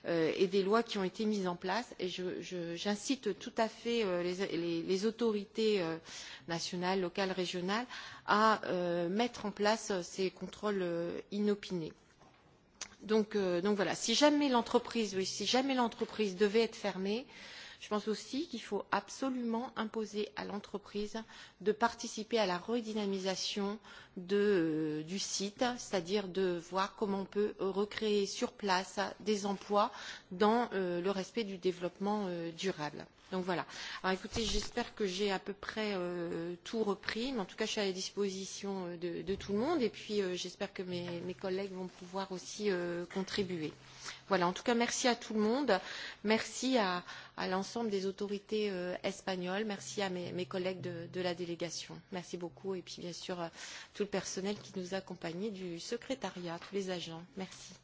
et des lois qui ont été mises en place. Et je, j'incite tout à fait euh, les, les, les autorités euh, nationales, locales, régionales à euh, mettre en place ces contrôles inopinés. Donc, donc voilà, si jamais l'entreprise, oui, si devait être fermée, euh, Je pense aussi qu'il faut absolument imposer à l'entreprise de participer à la redynamisation euh, du site, c'est-à-dire de voir comment on peut recréer sur place des emplois dans euh, le respect du développement euh, durable. Donc voilà. Alors écoutez, j'espère que j'ai à peu près euh, tout repris, mais en tout cas, je suis à la disposition euh, de, de tout le monde et puis euh, j'espère que mes, mes collègues vont pouvoir aussi euh, contribuer. Voilà, en tout cas, merci à tout le monde. Merci à, à l'ensemble des autorités euh, espagnoles. Merci à mes, mes collègues de, de la délégation. Merci beaucoup. Et puis, bien sûr, à euh, tout le personnel qui nous a accompagnés du secrétariat, tous les agents. Merci.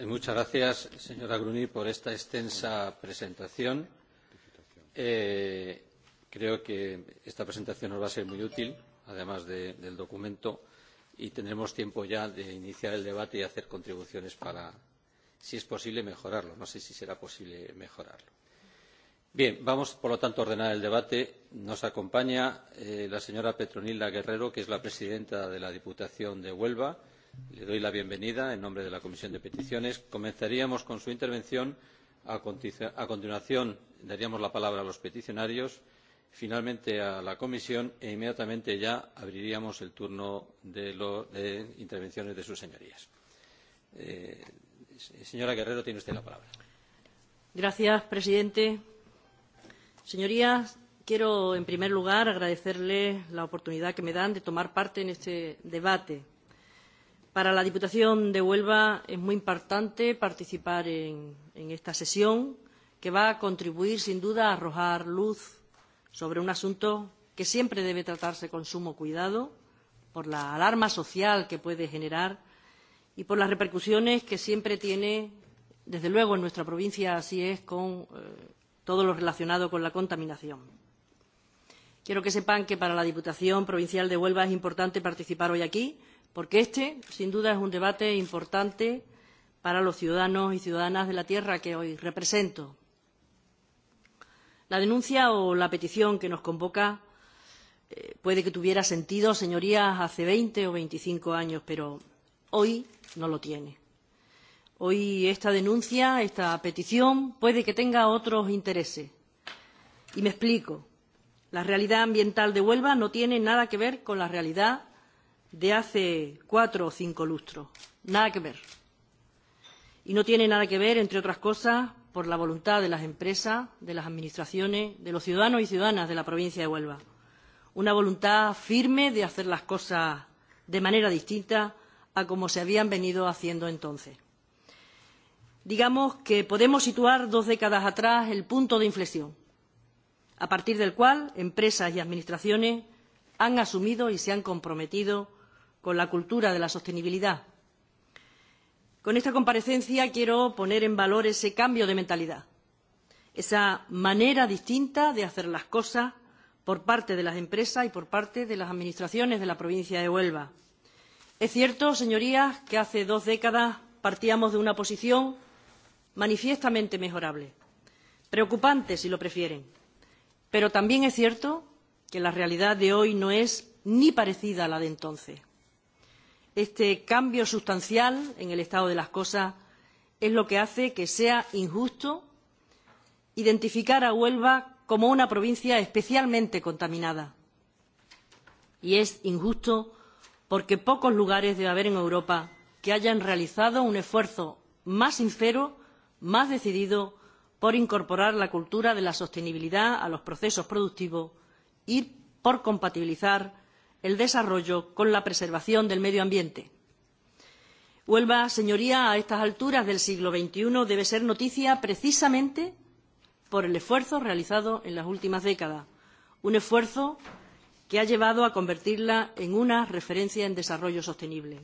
Eh, muchas gracias, señora Gruny, por esta extensa presentación. Eh, creo que esta presentación nos va a ser muy útil, además del documento, y tendremos tiempo ya de iniciar el debate y hacer contribuciones para, si es posible, mejorarlo. No sé si será posible mejorarlo. Bien, vamos, por lo tanto, a ordenar el debate. Nos acompaña eh, la señora Petronila Guerrero, que es la presidenta de la Diputación de Huelva le doy la bienvenida en nombre de la comisión de peticiones. comenzaríamos con su intervención a continuación daríamos la palabra a los peticionarios finalmente a la comisión e inmediatamente ya abriríamos el turno de, intervenciones de sus señorías. Eh, señora guerrero tiene usted la palabra. señor presidente señorías quiero en primer lugar agradecerles la oportunidad que me dan de tomar parte en este debate. Para la Diputación de Huelva es muy importante participar en, en esta sesión que va a contribuir sin duda a arrojar luz sobre un asunto que siempre debe tratarse con sumo cuidado por la alarma social que puede generar y por las repercusiones que siempre tiene, desde luego en nuestra provincia así es, con eh, todo lo relacionado con la contaminación. Quiero que sepan que para la Diputación Provincial de Huelva es importante participar hoy aquí porque este, sin duda, es un debate importante para los ciudadanos y ciudadanas de la tierra que hoy represento. La denuncia o la petición que nos convoca eh, puede que tuviera sentido, señorías, hace 20 o 25 años, pero hoy no lo tiene. Hoy esta denuncia, esta petición, puede que tenga otros intereses. Y me explico. La realidad ambiental de Huelva no tiene nada que ver con la realidad de hace cuatro o cinco lustros. Nada que ver. Y no tiene nada que ver, entre otras cosas, por la voluntad de las empresas, de las administraciones, de los ciudadanos y ciudadanas de la provincia de Huelva. Una voluntad firme de hacer las cosas de manera distinta a como se habían venido haciendo entonces. Digamos que podemos situar dos décadas atrás el punto de inflexión, a partir del cual empresas y administraciones han asumido y se han comprometido con la cultura de la sostenibilidad. Con esta comparecencia quiero poner en valor ese cambio de mentalidad, esa manera distinta de hacer las cosas por parte de las empresas y por parte de las administraciones de la provincia de Huelva. Es cierto, señorías, que hace dos décadas partíamos de una posición manifiestamente mejorable, preocupante si lo prefieren, pero también es cierto que la realidad de hoy no es ni parecida a la de entonces este cambio sustancial en el estado de las cosas es lo que hace que sea injusto identificar a Huelva como una provincia especialmente contaminada. Y es injusto porque pocos lugares debe haber en Europa que hayan realizado un esfuerzo más sincero, más decidido, por incorporar la cultura de la sostenibilidad a los procesos productivos y por compatibilizar el desarrollo con la preservación del medio ambiente. Huelva, señoría, a estas alturas del siglo XXI debe ser noticia precisamente por el esfuerzo realizado en las últimas décadas, un esfuerzo que ha llevado a convertirla en una referencia en desarrollo sostenible.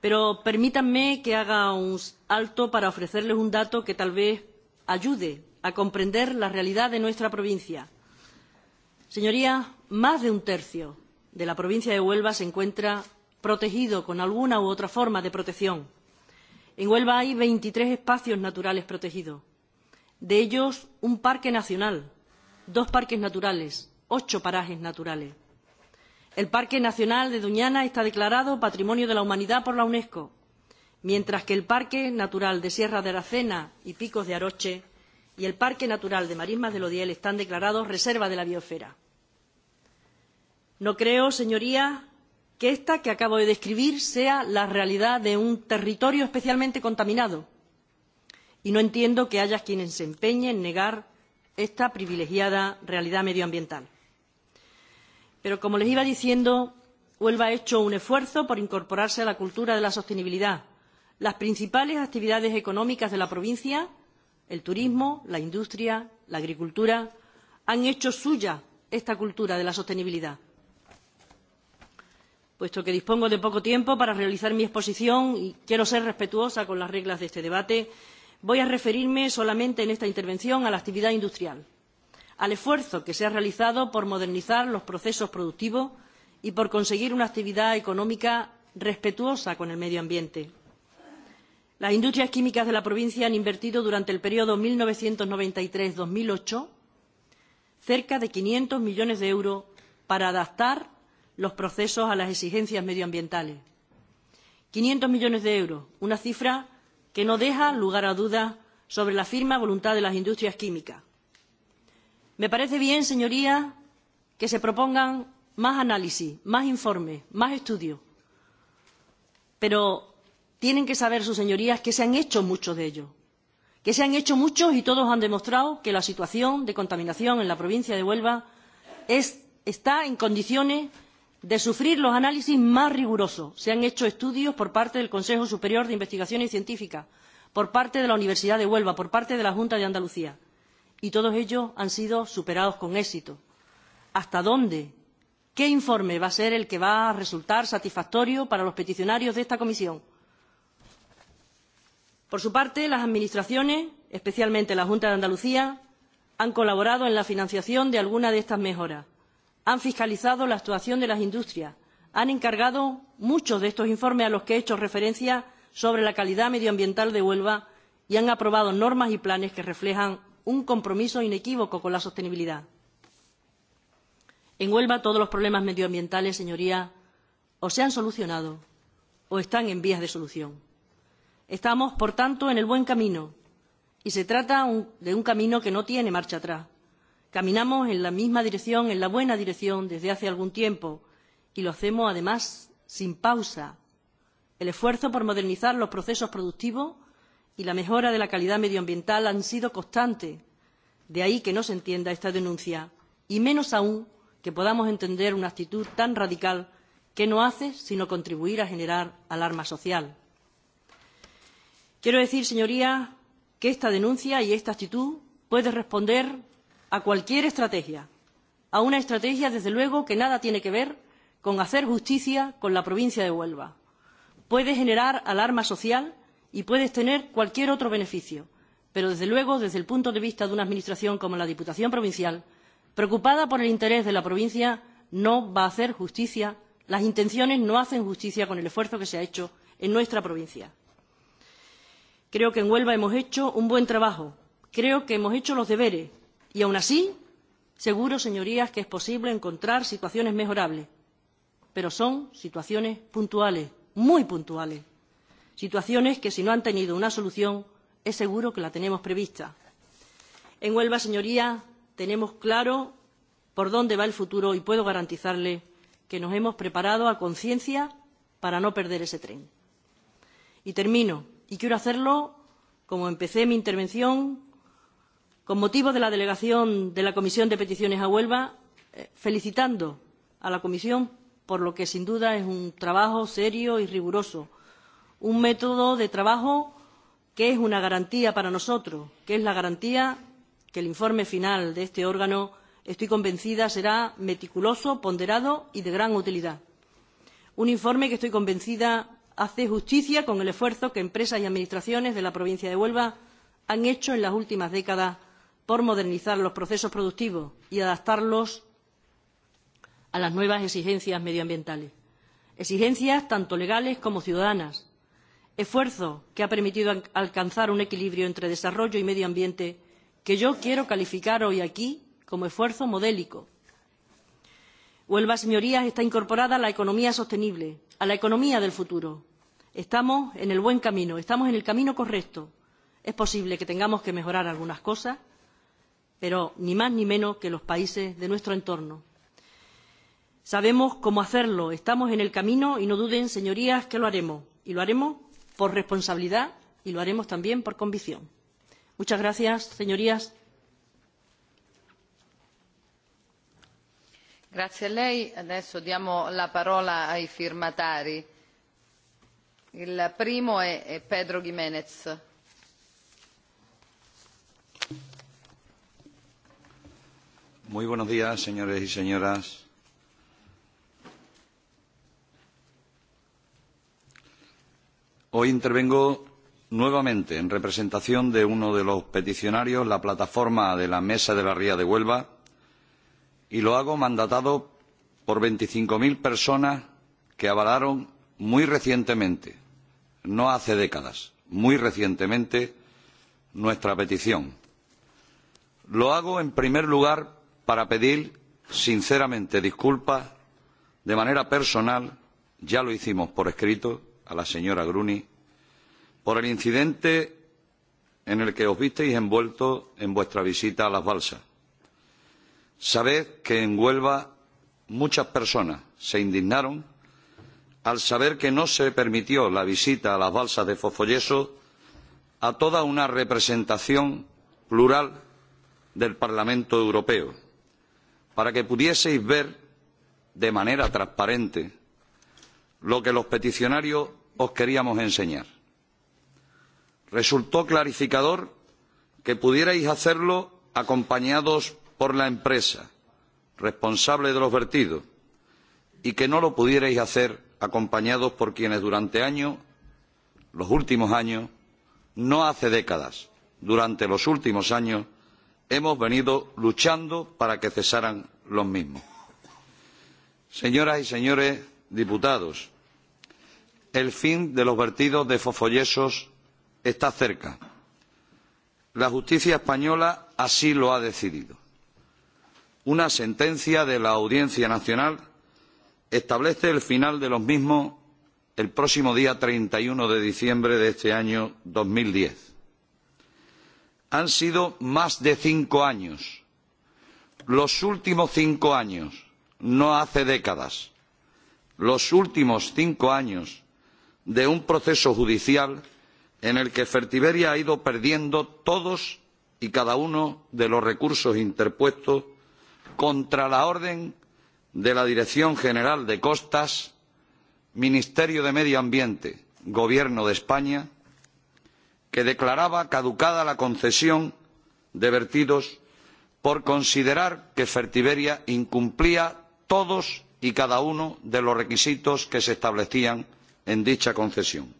Pero permítanme que haga un alto para ofrecerles un dato que tal vez ayude a comprender la realidad de nuestra provincia. Señorías, más de un tercio de la provincia de Huelva se encuentra protegido con alguna u otra forma de protección. En Huelva hay 23 espacios naturales protegidos, de ellos un parque nacional, dos parques naturales, ocho parajes naturales. El Parque Nacional de Doñana está declarado Patrimonio de la Humanidad por la UNESCO, mientras que el Parque Natural de Sierra de Aracena y Picos de Aroche y el Parque Natural de Marismas del Odiel están declarados Reserva de la Biosfera no creo señoría que esta que acabo de describir sea la realidad de un territorio especialmente contaminado y no entiendo que haya quien se empeñe en negar esta privilegiada realidad medioambiental. pero como les iba diciendo huelva ha hecho un esfuerzo por incorporarse a la cultura de la sostenibilidad. las principales actividades económicas de la provincia el turismo la industria la agricultura han hecho suya esta cultura de la sostenibilidad puesto que dispongo de poco tiempo para realizar mi exposición y quiero ser respetuosa con las reglas de este debate voy a referirme solamente en esta intervención a la actividad industrial al esfuerzo que se ha realizado por modernizar los procesos productivos y por conseguir una actividad económica respetuosa con el medio ambiente. Las industrias químicas de la provincia han invertido durante el periodo 1993-2008 cerca de 500 millones de euros para adaptar los procesos a las exigencias medioambientales. 500 millones de euros, una cifra que no deja lugar a dudas sobre la firme voluntad de las industrias químicas. Me parece bien, señorías, que se propongan más análisis, más informes, más estudios, pero tienen que saber sus señorías que se han hecho muchos de ellos, que se han hecho muchos y todos han demostrado que la situación de contaminación en la provincia de Huelva es, está en condiciones de sufrir los análisis más rigurosos. se han hecho estudios por parte del consejo superior de investigaciones científicas por parte de la universidad de huelva por parte de la junta de andalucía y todos ellos han sido superados con éxito. hasta dónde? qué informe va a ser el que va a resultar satisfactorio para los peticionarios de esta comisión? por su parte las administraciones especialmente la junta de andalucía han colaborado en la financiación de algunas de estas mejoras han fiscalizado la actuación de las industrias han encargado muchos de estos informes a los que he hecho referencia sobre la calidad medioambiental de huelva y han aprobado normas y planes que reflejan un compromiso inequívoco con la sostenibilidad. en huelva todos los problemas medioambientales señorías o se han solucionado o están en vías de solución. estamos por tanto en el buen camino y se trata de un camino que no tiene marcha atrás Caminamos en la misma dirección, en la buena dirección, desde hace algún tiempo y lo hacemos, además, sin pausa. El esfuerzo por modernizar los procesos productivos y la mejora de la calidad medioambiental han sido constantes. De ahí que no se entienda esta denuncia y menos aún que podamos entender una actitud tan radical que no hace sino contribuir a generar alarma social. Quiero decir, señorías, que esta denuncia y esta actitud puede responder a cualquier estrategia, a una estrategia, desde luego, que nada tiene que ver con hacer justicia con la provincia de Huelva. Puede generar alarma social y puedes tener cualquier otro beneficio, pero desde luego, desde el punto de vista de una administración como la Diputación Provincial, preocupada por el interés de la provincia, no va a hacer justicia. Las intenciones no hacen justicia con el esfuerzo que se ha hecho en nuestra provincia. Creo que en Huelva hemos hecho un buen trabajo. Creo que hemos hecho los deberes y aun así seguro señorías que es posible encontrar situaciones mejorables pero son situaciones puntuales muy puntuales situaciones que si no han tenido una solución es seguro que la tenemos prevista. en huelva señorías tenemos claro por dónde va el futuro y puedo garantizarles que nos hemos preparado a conciencia para no perder ese tren. y termino y quiero hacerlo como empecé mi intervención con motivo de la delegación de la Comisión de Peticiones a Huelva, eh, felicitando a la Comisión por lo que sin duda es un trabajo serio y riguroso, un método de trabajo que es una garantía para nosotros, que es la garantía que el informe final de este órgano, estoy convencida, será meticuloso, ponderado y de gran utilidad. Un informe que estoy convencida hace justicia con el esfuerzo que empresas y administraciones de la provincia de Huelva han hecho en las últimas décadas por modernizar los procesos productivos y adaptarlos a las nuevas exigencias medioambientales exigencias tanto legales como ciudadanas esfuerzo que ha permitido alcanzar un equilibrio entre desarrollo y medio ambiente que yo quiero calificar hoy aquí como esfuerzo modélico. Huelva, señorías, está incorporada a la economía sostenible, a la economía del futuro. Estamos en el buen camino, estamos en el camino correcto. Es posible que tengamos que mejorar algunas cosas, pero ni más ni menos que los países de nuestro entorno. Sabemos cómo hacerlo, estamos en el camino y no duden, señorías, que lo haremos. Y lo haremos por responsabilidad y lo haremos también por convicción. Muchas gracias, señorías. Grazie a lei. Adesso diamo la parola ai firmatari. Il primo è Pedro Jiménez. Muy buenos días, señores y señoras. Hoy intervengo nuevamente en representación de uno de los peticionarios, la plataforma de la Mesa de la Ría de Huelva, y lo hago mandatado por 25.000 personas que avalaron muy recientemente, no hace décadas, muy recientemente, nuestra petición. Lo hago en primer lugar para pedir sinceramente disculpas de manera personal ya lo hicimos por escrito a la señora gruny por el incidente en el que os visteis envueltos en vuestra visita a las balsas. sabed que en huelva muchas personas se indignaron al saber que no se permitió la visita a las balsas de Fosfolleso a toda una representación plural del Parlamento Europeo para que pudieseis ver de manera transparente lo que los peticionarios os queríamos enseñar. Resultó clarificador que pudierais hacerlo acompañados por la empresa responsable de los vertidos y que no lo pudierais hacer acompañados por quienes durante años los últimos años no hace décadas durante los últimos años hemos venido luchando para que cesaran los mismos. Señoras y señores diputados, el fin de los vertidos de fosfoyesos está cerca. La justicia española así lo ha decidido. Una sentencia de la Audiencia Nacional establece el final de los mismos el próximo día 31 de diciembre de este año 2010 han sido más de cinco años. Los últimos cinco años, no hace décadas, los últimos cinco años de un proceso judicial en el que Fertiberia ha ido perdiendo todos y cada uno de los recursos interpuestos contra la orden de la Dirección General de Costas, Ministerio de Medio Ambiente, Gobierno de España, que declaraba caducada la concesión de vertidos por considerar que fertiberia incumplía todos y cada uno de los requisitos que se establecían en dicha concesión.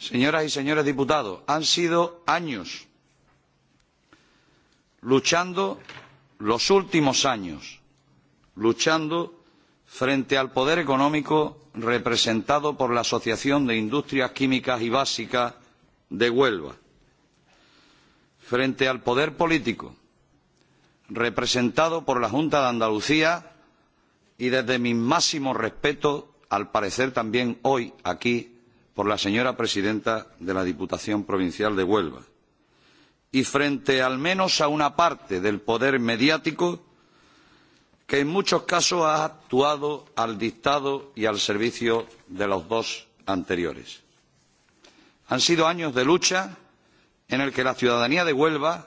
Señoras y señores diputados, han sido años luchando los últimos años luchando frente al poder económico representado por la Asociación de Industrias Químicas y Básicas de Huelva, frente al poder político representado por la Junta de Andalucía y desde mis máximos respetos, al parecer también hoy aquí, por la señora presidenta de la Diputación Provincial de Huelva, y frente al menos a una parte del poder mediático que en muchos casos ha actuado al dictado y al servicio de los dos anteriores. Han sido años de lucha en los que la ciudadanía de Huelva,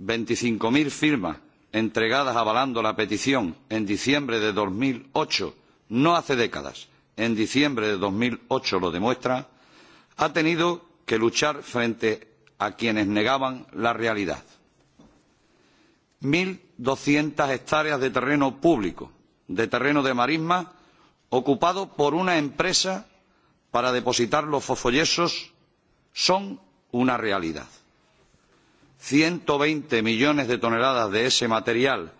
25.000 firmas entregadas avalando la petición en diciembre de 2008, no hace décadas, en diciembre de 2008 lo demuestra, ha tenido que luchar frente a quienes negaban la realidad uno doscientos hectáreas de terreno público, de terreno de marisma, ocupado por una empresa para depositar los fosfoyesos, son una realidad. ciento veinte millones de toneladas de ese material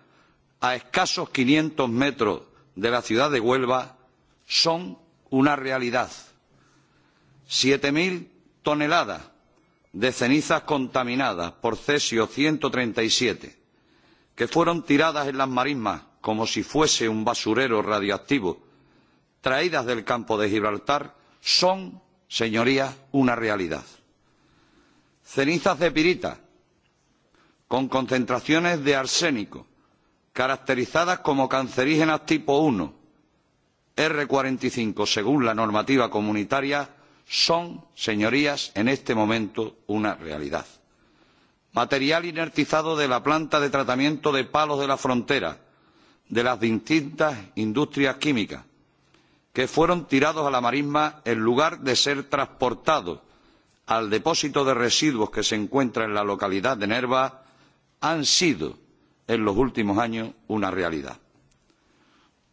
a escasos quinientos metros de la ciudad de Huelva son una realidad. siete mil toneladas de cenizas contaminadas por cesio ciento treinta y siete que fueron tiradas en las marismas como si fuese un basurero radiactivo, traídas del campo de Gibraltar, son, señorías, una realidad. Cenizas de pirita, con concentraciones de arsénico, caracterizadas como cancerígenas tipo 1, R45, según la normativa comunitaria, son, señorías, en este momento una realidad material inertizado de la planta de tratamiento de palos de la frontera de las distintas industrias químicas que fueron tirados a la marisma en lugar de ser transportados al depósito de residuos que se encuentra en la localidad de Nerva han sido en los últimos años una realidad.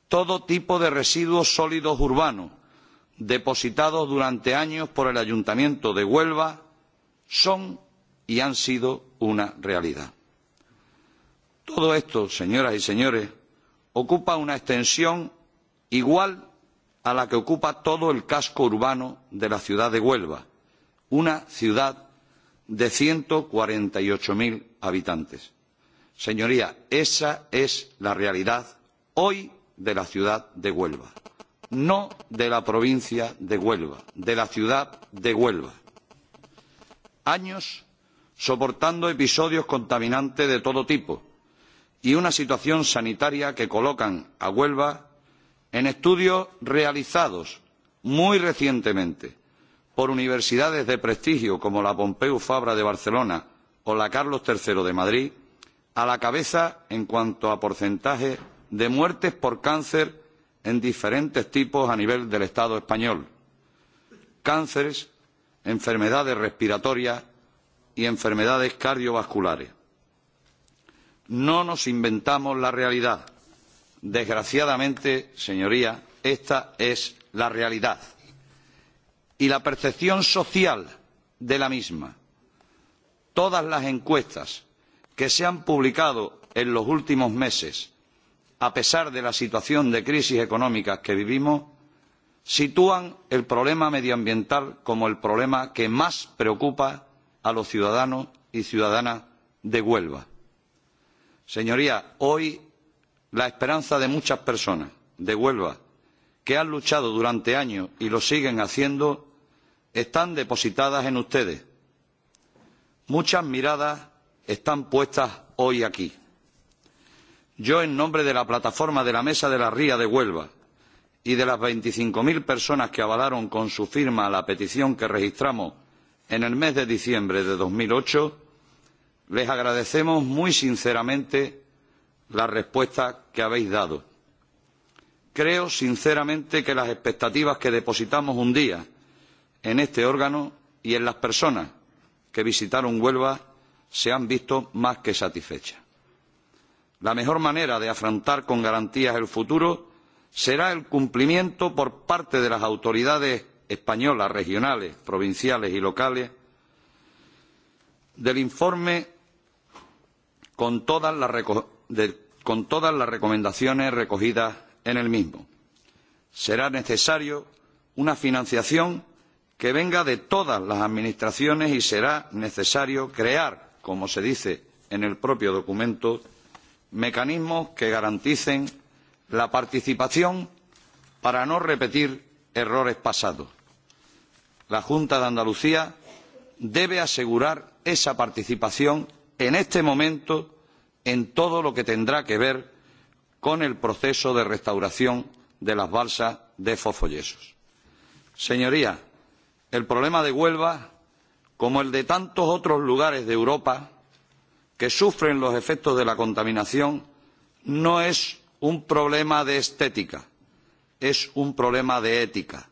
Todo tipo de residuos sólidos urbanos depositados durante años por el Ayuntamiento de Huelva son y han sido una realidad. Todo esto, señoras y señores, ocupa una extensión igual a la que ocupa todo el casco urbano de la ciudad de Huelva, una ciudad de 148.000 habitantes. Señoría, esa es la realidad hoy de la ciudad de Huelva, no de la provincia de Huelva, de la ciudad de Huelva. Años soportando episodios contaminantes de todo tipo y una situación sanitaria que colocan a Huelva en estudios realizados muy recientemente por universidades de prestigio como la Pompeu Fabra de Barcelona o la Carlos III de Madrid, a la cabeza en cuanto a porcentaje de muertes por cáncer en diferentes tipos a nivel del Estado español. Cánceres, enfermedades respiratorias, y enfermedades cardiovasculares. No nos inventamos la realidad. Desgraciadamente, señorías, esta es la realidad y la percepción social de la misma. Todas las encuestas que se han publicado en los últimos meses, a pesar de la situación de crisis económica que vivimos, sitúan el problema medioambiental como el problema que más preocupa a los ciudadanos y ciudadanas de Huelva. Señorías, hoy la esperanza de muchas personas de Huelva que han luchado durante años y lo siguen haciendo están depositadas en ustedes. Muchas miradas están puestas hoy aquí. Yo, en nombre de la plataforma de la Mesa de la Ría de Huelva y de las 25.000 personas que avalaron con su firma la petición que registramos en el mes de diciembre de dos mil ocho les agradecemos muy sinceramente la respuesta que habéis dado. creo sinceramente que las expectativas que depositamos un día en este órgano y en las personas que visitaron huelva se han visto más que satisfechas. la mejor manera de afrontar con garantías el futuro será el cumplimiento por parte de las autoridades españolas regionales, provinciales y locales, del informe con todas las, de, con todas las recomendaciones recogidas en el mismo. Será necesario una financiación que venga de todas las administraciones y será necesario crear, como se dice en el propio documento, mecanismos que garanticen la participación para no repetir errores pasados. La Junta de Andalucía debe asegurar esa participación en este momento en todo lo que tendrá que ver con el proceso de restauración de las balsas de Fosfoyesos. Señorías, el problema de Huelva, como el de tantos otros lugares de Europa que sufren los efectos de la contaminación, no es un problema de estética es un problema de ética.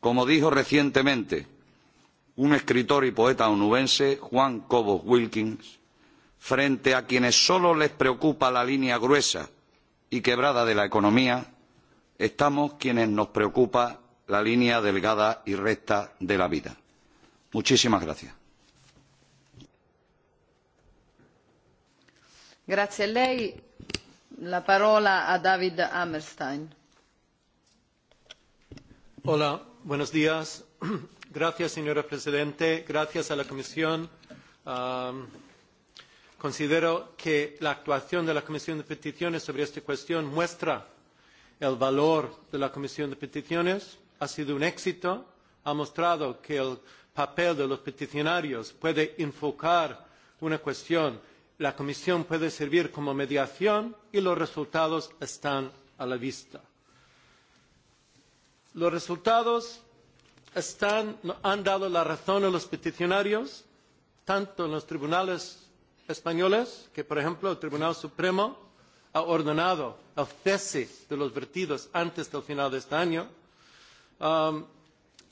Como dijo recientemente un escritor y poeta onubense, Juan Cobos Wilkins, frente a quienes solo les preocupa la línea gruesa y quebrada de la economía, estamos quienes nos preocupa la línea delgada y recta de la vida. Muchísimas gracias. Grazie a lei. La parola a David Hammerstein. Hola, buenos días. (clears throat) Gracias, señora Presidente. Gracias a la Comisión. Um, considero que la actuación de la Comisión de Peticiones sobre esta cuestión muestra el valor de la Comisión de Peticiones. Ha sido un éxito. Ha mostrado que el papel de los peticionarios puede enfocar una cuestión. La Comisión puede servir como mediación y los resultados están a la vista Los resultados están, han dado la razón a los peticionarios, tanto en los tribunales españoles, que por ejemplo el Tribunal Supremo ha ordenado el cese de los vertidos antes del final de este año. Um,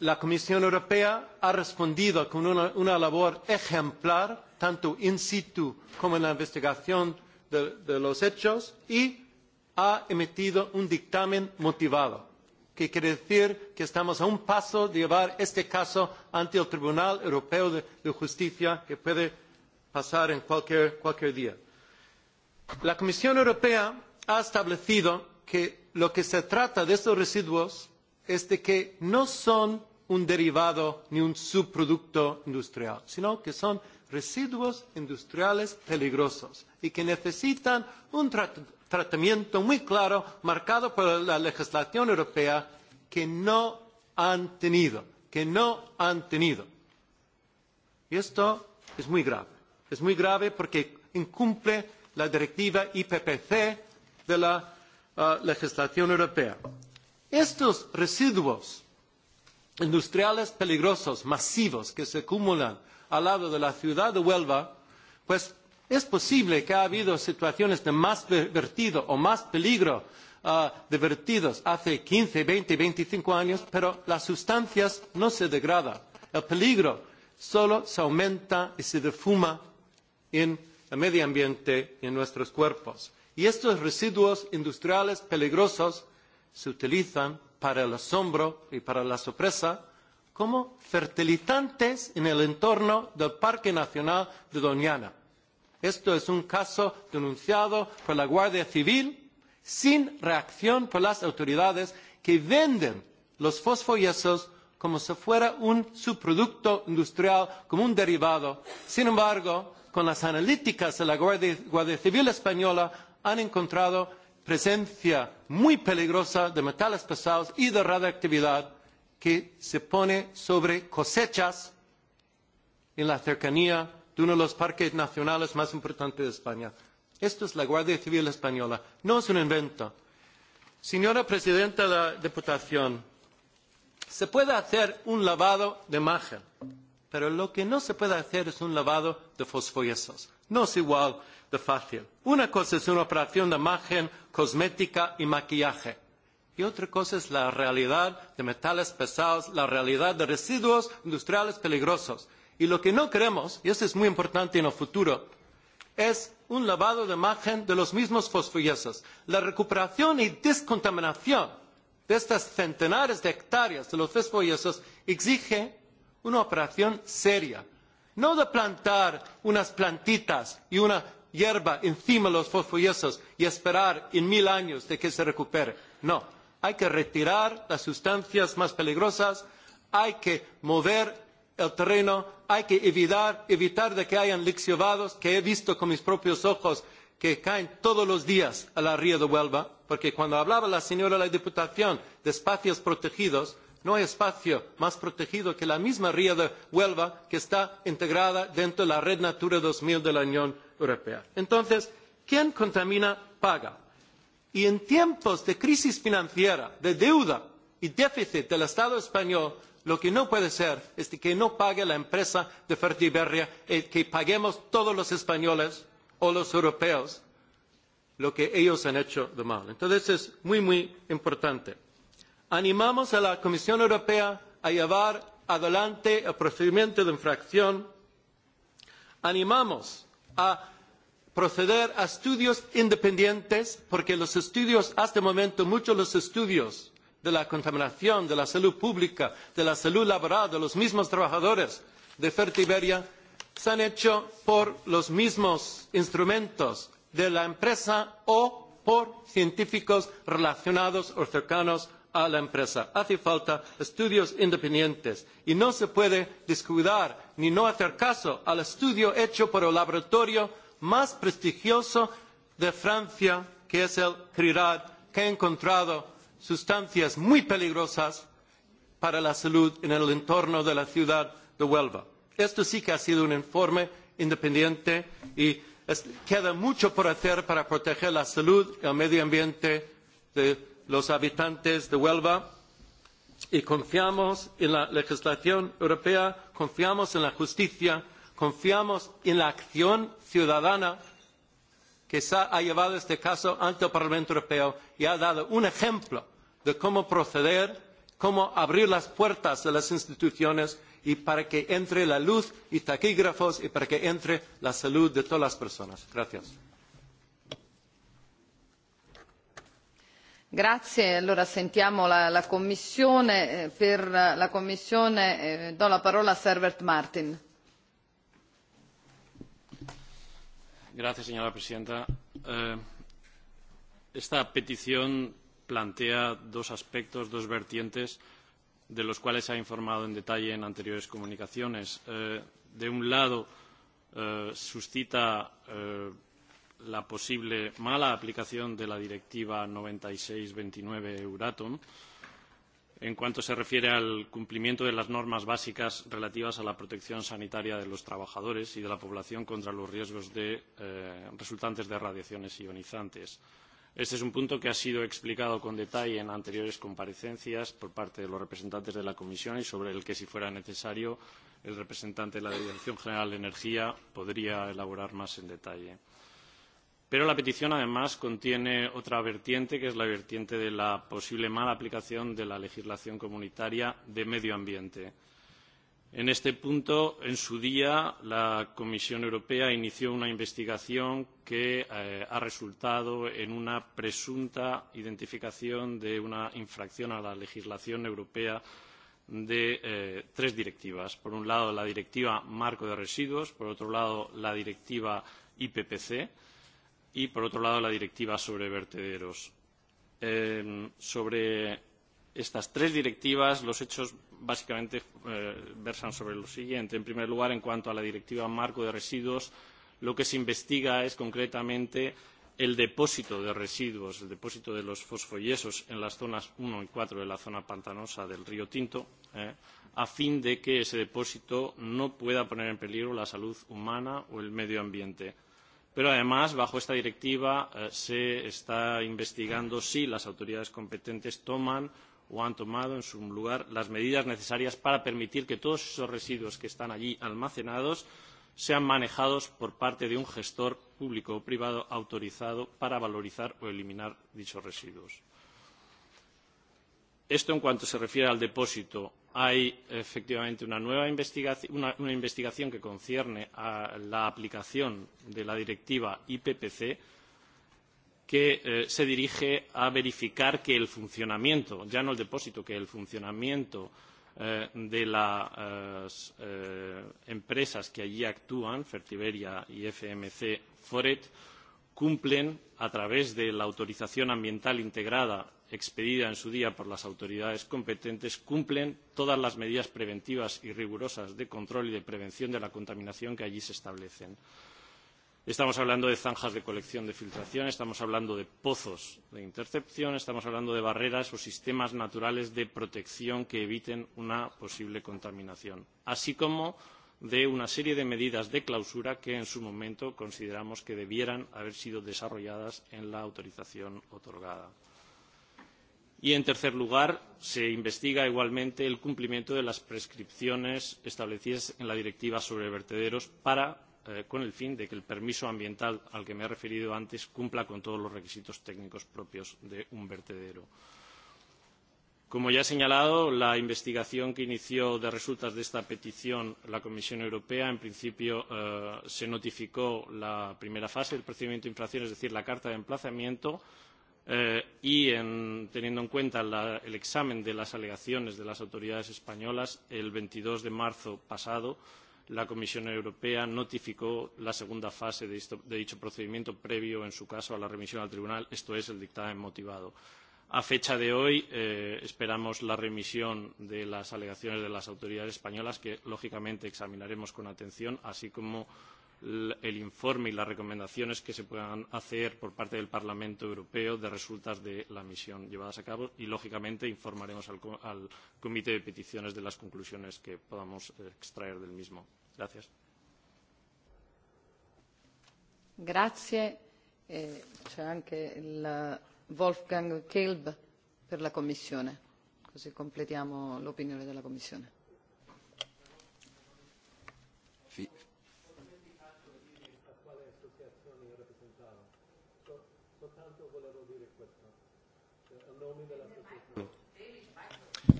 la Comisión Europea ha respondido con una, una labor ejemplar, tanto in situ como en la investigación de, de los hechos, y ha emitido un dictamen motivado que quiere decir que estamos a un paso de llevar este caso ante el Tribunal Europeo de, de Justicia, que puede pasar en cualquier, cualquier día. La Comisión Europea ha establecido que lo que se trata de estos residuos es de que no son un derivado ni un subproducto industrial, sino que son residuos industriales peligrosos y que necesitan un tra tratamiento muy claro marcado por la legislación europea que no han tenido, que no han tenido. Y esto es muy grave. Es muy grave porque incumple la directiva IPPC de la uh, legislación europea. Estos residuos industriales peligrosos masivos que se acumulan al lado de la ciudad de Huelva, pues es posible que ha habido situaciones de más vertido o más peligro uh, de vertidos hace 15, 20, 25 años, pero las sustancias no se degradan. El peligro solo se aumenta y se defuma en el medio ambiente y en nuestros cuerpos. Y estos residuos industriales peligrosos se utilizan para el asombro y para la sorpresa como fertilizantes en el entorno del Parque Nacional de Doñana. Esto es un caso denunciado por la Guardia Civil sin reacción por las autoridades que venden los fosfoyesos como si fuera un subproducto industrial, como un derivado. Sin embargo, con las analíticas de la Guardia, Guardia Civil Española han encontrado presencia muy peligrosa de metales pesados y de radiactividad que se pone sobre cosechas en la cercanía de uno de los parques nacionales más importantes de España. Esto es la Guardia Civil Española, no es un invento. Señora Presidenta de la Diputación, se puede hacer un lavado de imagen, pero lo que no se puede hacer es un lavado de fosfoyesos. No es igual de fácil. Una cosa es una operación de imagen cosmética y maquillaje y otra cosa es la realidad de metales pesados, la realidad de residuos industriales peligrosos. Y lo que no queremos, y esto es muy importante en el futuro, es un lavado de imagen de los mismos fosfoyesos. La recuperación y descontaminación de estas centenares de hectáreas de los fosfoyesos exige una operación seria. No de plantar unas plantitas y una hierba encima de los fosfoyesos y esperar en mil años de que se recupere. No hay que retirar las sustancias más peligrosas, hay que mover el terreno, hay que evitar, evitar de que hayan lixiviados que he visto con mis propios ojos que caen todos los días a la ría de Huelva, porque cuando hablaba la señora de la Diputación de espacios protegidos, no hay espacio más protegido que la misma ría de Huelva que está integrada dentro de la red Natura 2000 de la Unión Europea. Entonces, quien contamina paga y en tiempos de crisis financiera, de deuda y déficit del Estado español, lo que no puede ser es que no pague la empresa de Fertiberia, que paguemos todos los españoles o los europeos lo que ellos han hecho de mal. Entonces es muy, muy importante. Animamos a la Comisión Europea a llevar adelante el procedimiento de infracción. Animamos a proceder a estudios independientes, porque los estudios, hasta el momento, muchos de los estudios de la contaminación, de la salud pública, de la salud laboral, de los mismos trabajadores de Fertiberia, se han hecho por los mismos instrumentos de la empresa o por científicos relacionados o cercanos a la empresa. Hace falta estudios independientes y no se puede descuidar ni no hacer caso al estudio hecho por el laboratorio más prestigioso de Francia, que es el CRIRAD, que ha encontrado sustancias muy peligrosas para la salud en el entorno de la ciudad de Huelva. Esto sí que ha sido un informe independiente y es, queda mucho por hacer para proteger la salud y el medio ambiente de los habitantes de Huelva y confiamos en la legislación europea, confiamos en la justicia confiamos en la acción ciudadana que ha llevado este caso ante el Parlamento Europeo y ha dado un ejemplo de cómo proceder, cómo abrir las puertas de las instituciones y para que entre la luz y taquígrafos y para que entre la salud de todas las personas. Gracias. Grazie, allora sentiamo la, la Commissione. Eh, per la Commissione eh, do la parola a Servert Martin Gracias, señora presidenta. Eh, esta petición plantea dos aspectos, dos vertientes, de los cuales se ha informado en detalle en anteriores comunicaciones. Eh, de un lado, eh, suscita eh, la posible mala aplicación de la Directiva 96-29 Euratom, en cuanto se refiere al cumplimiento de las normas básicas relativas a la protección sanitaria de los trabajadores y de la población contra los riesgos de, eh, resultantes de radiaciones ionizantes. Este es un punto que ha sido explicado con detalle en anteriores comparecencias por parte de los representantes de la Comisión y sobre el que, si fuera necesario, el representante de la Dirección General de Energía podría elaborar más en detalle pero la petición además contiene otra vertiente que es la vertiente de la posible mala aplicación de la legislación comunitaria de medio ambiente. en este punto en su día la comisión europea inició una investigación que eh, ha resultado en una presunta identificación de una infracción a la legislación europea de eh, tres directivas por un lado la directiva marco de residuos por otro lado la directiva ippc y por otro lado la directiva sobre vertederos. Eh, sobre estas tres directivas los hechos básicamente eh, versan sobre lo siguiente en primer lugar en cuanto a la directiva marco de residuos lo que se investiga es concretamente el depósito de residuos el depósito de los fosfoyesos en las zonas uno y cuatro de la zona pantanosa del río tinto eh, a fin de que ese depósito no pueda poner en peligro la salud humana o el medio ambiente pero además bajo esta directiva eh, se está investigando si las autoridades competentes toman o han tomado en su lugar las medidas necesarias para permitir que todos esos residuos que están allí almacenados sean manejados por parte de un gestor público o privado autorizado para valorizar o eliminar dichos residuos. Esto en cuanto se refiere al depósito hay efectivamente una nueva investigación, una, una investigación que concierne a la aplicación de la directiva IPPC que eh, se dirige a verificar que el funcionamiento, ya no el depósito, que el funcionamiento eh, de las eh, empresas que allí actúan, Fertiberia y FMC Foret, cumplen a través de la autorización ambiental integrada expedida en su día por las autoridades competentes cumplen todas las medidas preventivas y rigurosas de control y de prevención de la contaminación que allí se establecen. Estamos hablando de zanjas de colección de filtración, estamos hablando de pozos de intercepción, estamos hablando de barreras o sistemas naturales de protección que eviten una posible contaminación, así como de una serie de medidas de clausura que en su momento consideramos que debieran haber sido desarrolladas en la autorización otorgada y en tercer lugar se investiga igualmente el cumplimiento de las prescripciones establecidas en la directiva sobre vertederos eh, con el fin de que el permiso ambiental al que me he referido antes cumpla con todos los requisitos técnicos propios de un vertedero. Como ya he señalado, la investigación que inició de resultas de esta petición la Comisión Europea, en principio eh, se notificó la primera fase del procedimiento de infracción, es decir, la carta de emplazamiento, Eh, y teniendo en cuenta el examen de las alegaciones de las autoridades españolas, el veintidós de marzo pasado, la Comisión Europea notificó la segunda fase de, dicho procedimiento previo, en su caso, a la remisión al tribunal, esto es, el dictamen motivado. A fecha de hoy eh, esperamos la remisión de las alegaciones de las autoridades españolas, que lógicamente examinaremos con atención, así como el informe y las recomendaciones que se puedan hacer por parte del Parlamento Europeo de resultas de la misión llevadas a cabo y, lógicamente, informaremos al, al Comité de Peticiones de las conclusiones que podamos eh, extraer del mismo. Gracias. Grazie. Eh, c'è anche il Wolfgang Kelb per la Commissione, così completiamo l'opinione della Commissione.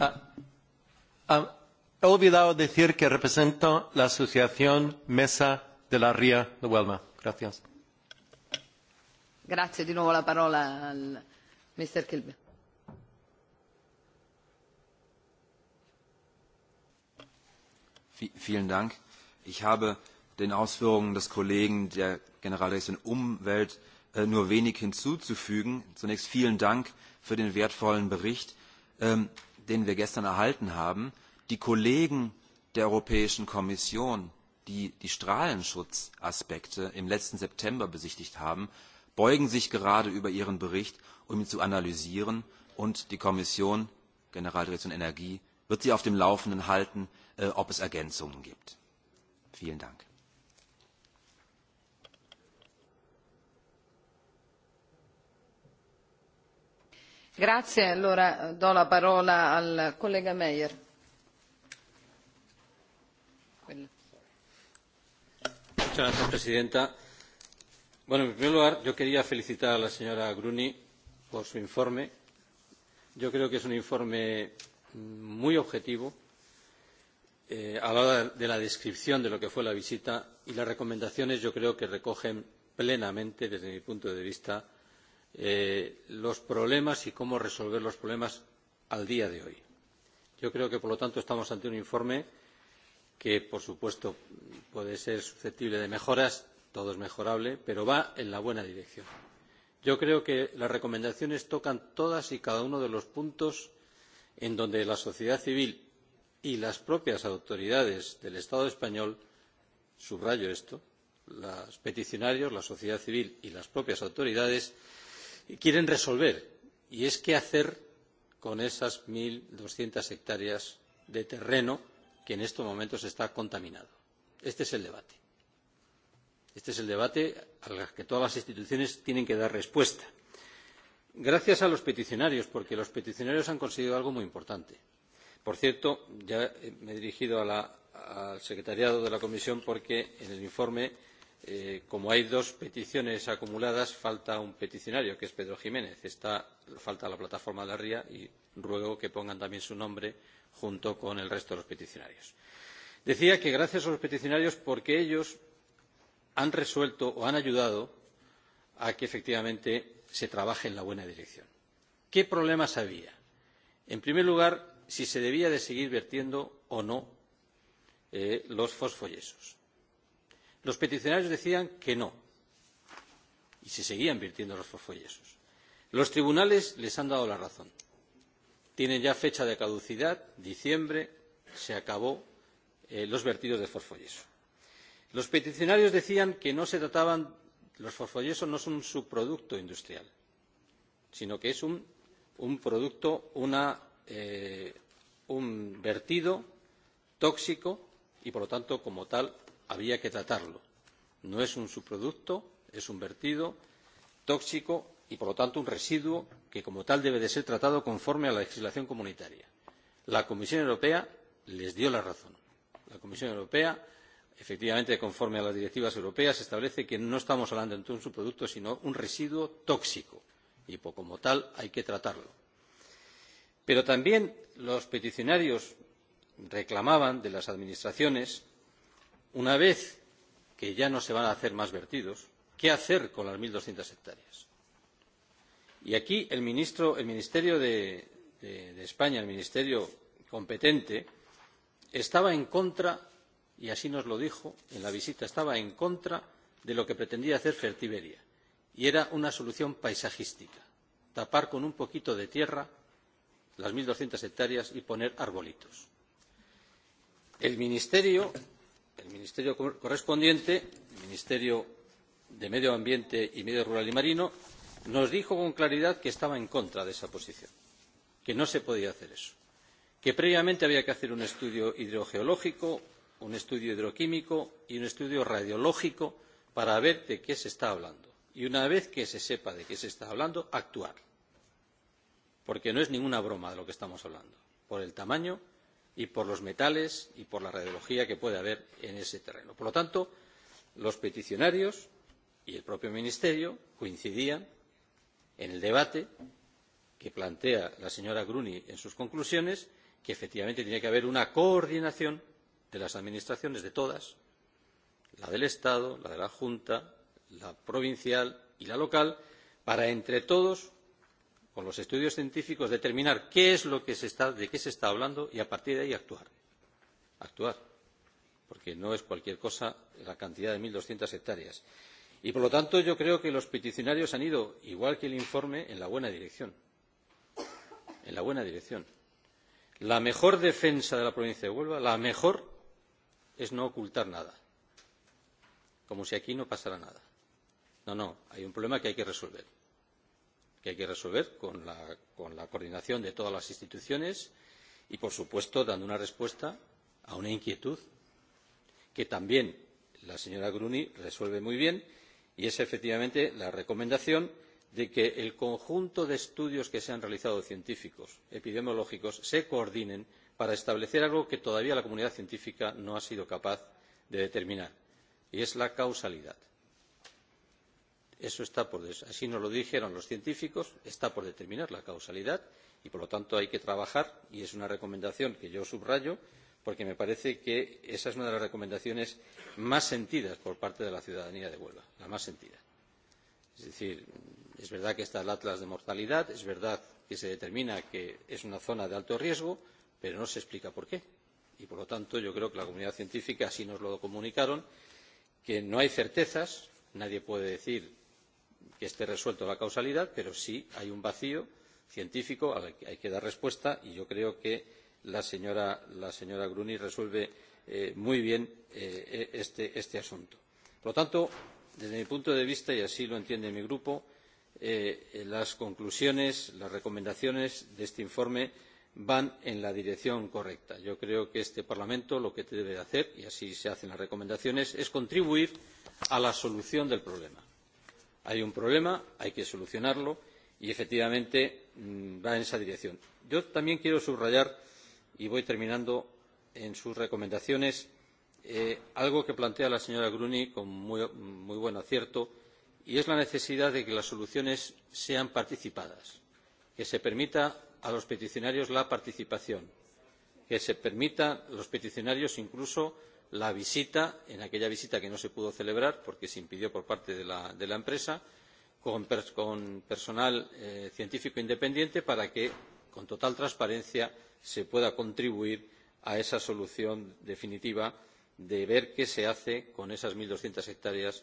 Ah, ah, he olvidado decir que represento la Asociación Mesa de la Ría de Huelva. Gracias. Grazie, di nuovo la parola al Mr. Kilby. Vielen Dank. Ich habe den Ausführungen des Kollegen der Generaldirektion Umwelt Äh, nur wenig hinzuzufügen. Zunächst vielen Dank für den wertvollen Bericht, ähm, den wir gestern erhalten haben. Die Kollegen der Europäischen Kommission, die die Strahlenschutzaspekte im letzten September besichtigt haben, beugen sich gerade über ihren Bericht, um ihn zu analysieren. Und die Kommission, Generaldirektion Energie, wird sie auf dem Laufenden halten, äh, ob es Ergänzungen gibt. Vielen Dank. señora presidenta en primer lugar yo quería felicitar a la señora gruny por su informe. yo creo que es un informe muy objetivo eh, a la hora de la descripción de lo que fue la visita y las recomendaciones yo creo que recogen plenamente desde mi punto de vista Eh, los problemas y cómo resolver los problemas a día de hoy. Yo creo que, por lo tanto, estamos ante un informe que, por supuesto, puede ser susceptible de mejoras, todo es mejorable, pero va en la buena dirección. Yo creo que las recomendaciones tocan todas y cada uno de los puntos en donde la sociedad civil y las propias autoridades del Estado español subrayo esto los peticionarios la sociedad civil y las propias autoridades quieren resolver y es qué hacer con esas uno doscientos hectáreas de terreno que en estos momentos están contaminadas. este es el debate. este es el debate al que todas las instituciones tienen que dar respuesta. gracias a los peticionarios porque los peticionarios han conseguido algo muy importante. por cierto ya me he dirigido a la, al secretariado de la comisión porque en el informe Eh, como hay dos peticiones acumuladas, falta un peticionario, que es Pedro Jiménez. Está, falta la plataforma de la ría y ruego que pongan también su nombre junto con el resto de los peticionarios. Decía que gracias a los peticionarios porque ellos han resuelto o han ayudado a que efectivamente se trabaje en la buena dirección. ¿Qué problemas había? En primer lugar, si se debía seguir vertiendo o no eh, los fosfoyesos los peticionarios decían que no y se seguían vertiendo los fosfoyesos. los tribunales les han dado la razón tienen ya fecha de caducidad diciembre se acabó eh, los vertidos de fosfoyeso. los peticionarios decían que no se trataban los fosfoyesos no son un subproducto industrial sino que es un, un producto una, eh, un vertido tóxico y por lo tanto como tal había que tratarlo. no es un subproducto es un vertido tóxico y por lo tanto un residuo que como tal debe de ser tratado conforme a la legislación comunitaria. la comisión europea les dio la razón. la comisión europea efectivamente conforme a las directivas europeas establece que no estamos hablando de un subproducto sino un residuo tóxico y como tal hay que tratarlo. pero también los peticionarios reclamaban de las administraciones una vez que ya no se van a hacer más vertidos, ¿qué hacer con las uno doscientos hectáreas? Y aquí el, Ministerio de, España, el Ministerio competente, estaba en contra, y así nos lo dijo en la visita, estaba en contra de lo que pretendía hacer Fertiberia. Y era una solución paisajística, tapar con un poquito de tierra las uno doscientos hectáreas y poner arbolitos. El Ministerio el ministerio correspondiente el ministerio de medio ambiente y medio rural y marino nos dijo con claridad que estaba en contra de esa posición que no se podía hacer eso que previamente había que hacer un estudio hidrogeológico un estudio hidroquímico y un estudio radiológico para ver de qué se está hablando y una vez que se sepa de qué se está hablando actuar porque no es ninguna broma de lo que estamos hablando por el tamaño y por los metales y por la radiología que puede haber en ese terreno. por lo tanto los peticionarios y el propio ministerio coincidían en el debate que plantea la señora gruny en sus conclusiones en que efectivamente tiene que haber una coordinación de las administraciones de todas la del estado la de la junta la provincial y la local para entre todos con los estudios científicos determinar qué es lo que se está, de qué se está hablando y a partir de ahí actuar. Actuar. Porque no es cualquier cosa la cantidad de 1.200 hectáreas. Y por lo tanto yo creo que los peticionarios han ido, igual que el informe, en la buena dirección. En la buena dirección. La mejor defensa de la provincia de Huelva, la mejor, es no ocultar nada. Como si aquí no pasara nada. No, no, hay un problema que hay que resolver que hay que resolver con la, con la coordinación de todas las instituciones y, por supuesto, dando una respuesta a una inquietud que también la señora Gruni resuelve muy bien y es efectivamente la recomendación de que el conjunto de estudios que se han realizado científicos epidemiológicos se coordinen para establecer algo que todavía la comunidad científica no ha sido capaz de determinar y es la causalidad. Eso está por, así nos lo dijeron los científicos, está por determinar la causalidad y por lo tanto hay que trabajar y es una recomendación que yo subrayo porque me parece que esa es una de las recomendaciones más sentidas por parte de la ciudadanía de Huelva, la más sentida. Es decir, es verdad que está el atlas de mortalidad, es verdad que se determina que es una zona de alto riesgo, pero no se explica por qué. Y por lo tanto yo creo que la comunidad científica así nos lo comunicaron, que no hay certezas, nadie puede decir que esté resuelta la causalidad pero sí hay un vacío científico al que hay que dar respuesta y yo creo que la señora, la señora gruny resuelve eh, muy bien eh, e, este, este asunto. por lo tanto desde mi punto de vista y así lo entiende mi grupo eh, las conclusiones las recomendaciones de este informe van en la dirección correcta. yo creo que este parlamento lo que debe hacer y así se hacen las recomendaciones es contribuir a la solución del problema hay un problema hay que solucionarlo y efectivamente mm, va en esa dirección. yo también quiero subrayar y voy terminando en sus recomendaciones eh, algo que plantea la señora gruny con muy buen acierto y es la necesidad de que las soluciones sean participadas que se permita a los peticionarios la participación que se permita a los peticionarios incluso la visita en aquella visita que no se pudo celebrar porque se impidió por parte de la, de la empresa con, con personal eh, científico independiente para que con total transparencia se pueda contribuir a esa solución definitiva de ver qué se hace con esas uno doscientos hectáreas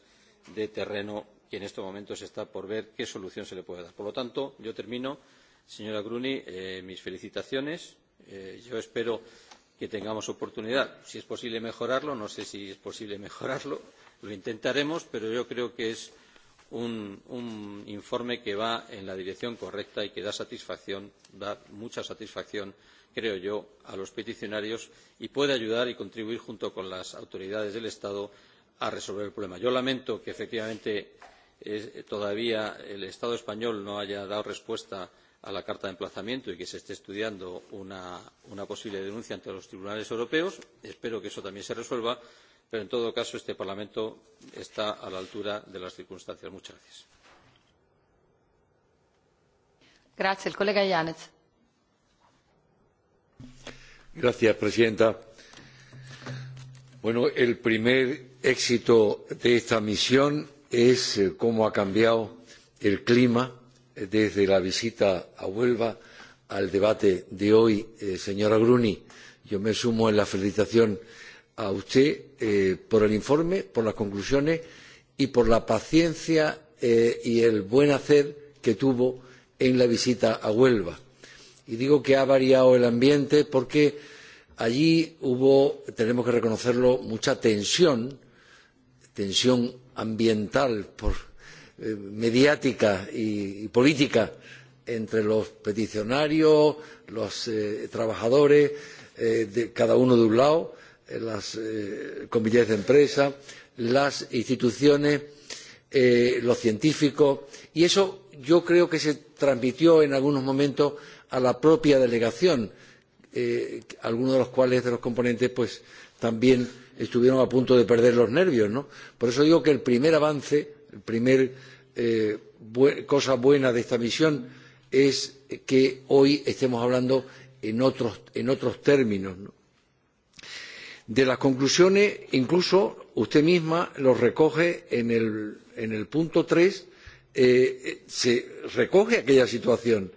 de terreno que en estos momentos está por ver qué solución se le puede dar. por lo tanto yo termino señora gruny eh, mis felicitaciones. Eh, yo espero que que tengamos oportunidad. Si es posible mejorarlo, no sé si es posible mejorarlo, lo intentaremos, pero yo creo que es un, un informe que va en la dirección correcta y que da satisfacción, da mucha satisfacción, creo yo, a los peticionarios y puede ayudar y contribuir junto con las autoridades del Estado a resolver el problema. Yo lamento que efectivamente es, todavía el Estado español no haya dado respuesta a a la carta de emplazamiento y que se esté estudiando una, una posible denuncia ante los tribunales europeos. Espero que eso también se resuelva, pero en todo caso este Parlamento está a la altura de las circunstancias. Muchas gracias. gracias señora presidenta. Bueno, el primer éxito de esta misión es eh, cómo ha cambiado el clima desde la visita a Huelva al debate de hoy. Eh, señora Gruni, yo me sumo en la felicitación a usted eh, por el informe, por las conclusiones y por la paciencia eh, y el buen hacer que tuvo en la visita a Huelva. Y digo que ha variado el ambiente porque allí hubo, tenemos que reconocerlo, mucha tensión, tensión ambiental por Eh, mediática y, política entre los peticionarios, los eh, trabajadores, eh, de, cada uno de un lado, eh, los eh, comités de empresa, las instituciones, eh, los científicos, y eso yo creo que se transmitió en algunos momentos a la propia delegación, eh, algunos de los cuales de los componentes pues también estuvieron a punto de perder los nervios. ¿no? Por eso digo que el primer avance primera eh, bu cosa buena de esta misión es que hoy estemos hablando en otros, en otros términos. ¿no? De las conclusiones, incluso usted misma los recoge en el, en el punto 3, eh, se recoge aquella situación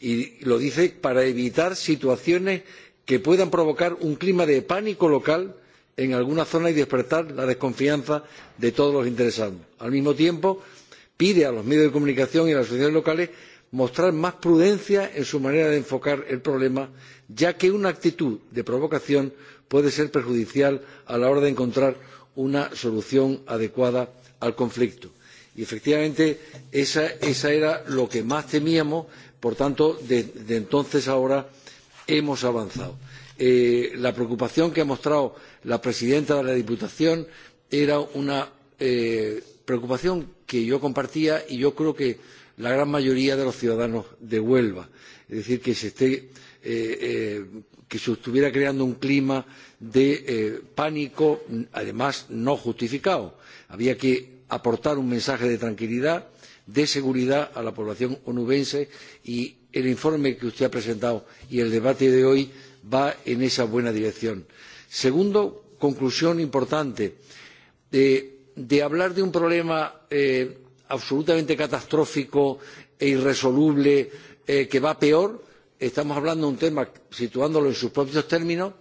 y lo dice para evitar situaciones que puedan provocar un clima de pánico local en alguna zona y despertar la desconfianza de todos los interesados. al mismo tiempo pide a los medios de comunicación y a las asociaciones locales mostrar más prudencia en su manera de enfocar el problema ya que una actitud de provocación puede ser perjudicial a la hora de encontrar una solución adecuada al conflicto. y efectivamente eso era lo que más temíamos por tanto desde de entonces a ahora hemos avanzado. Eh, la preocupación que ha mostrado la presidenta de la Diputación era una eh, preocupación que yo compartía y yo creo que la gran mayoría de los ciudadanos de Huelva. Es decir, que se, esté, eh, eh, que se estuviera creando un clima de eh, pánico, además no justificado. Había que aportar un mensaje de tranquilidad, de seguridad a la población onubense y el informe que usted ha presentado y el debate de hoy va en esa buena dirección. Eh, Segundo, conclusión importante, eh, de, hablar de un problema eh, absolutamente catastrófico e irresoluble eh, que va peor, estamos hablando de un tema, situándolo en sus propios términos,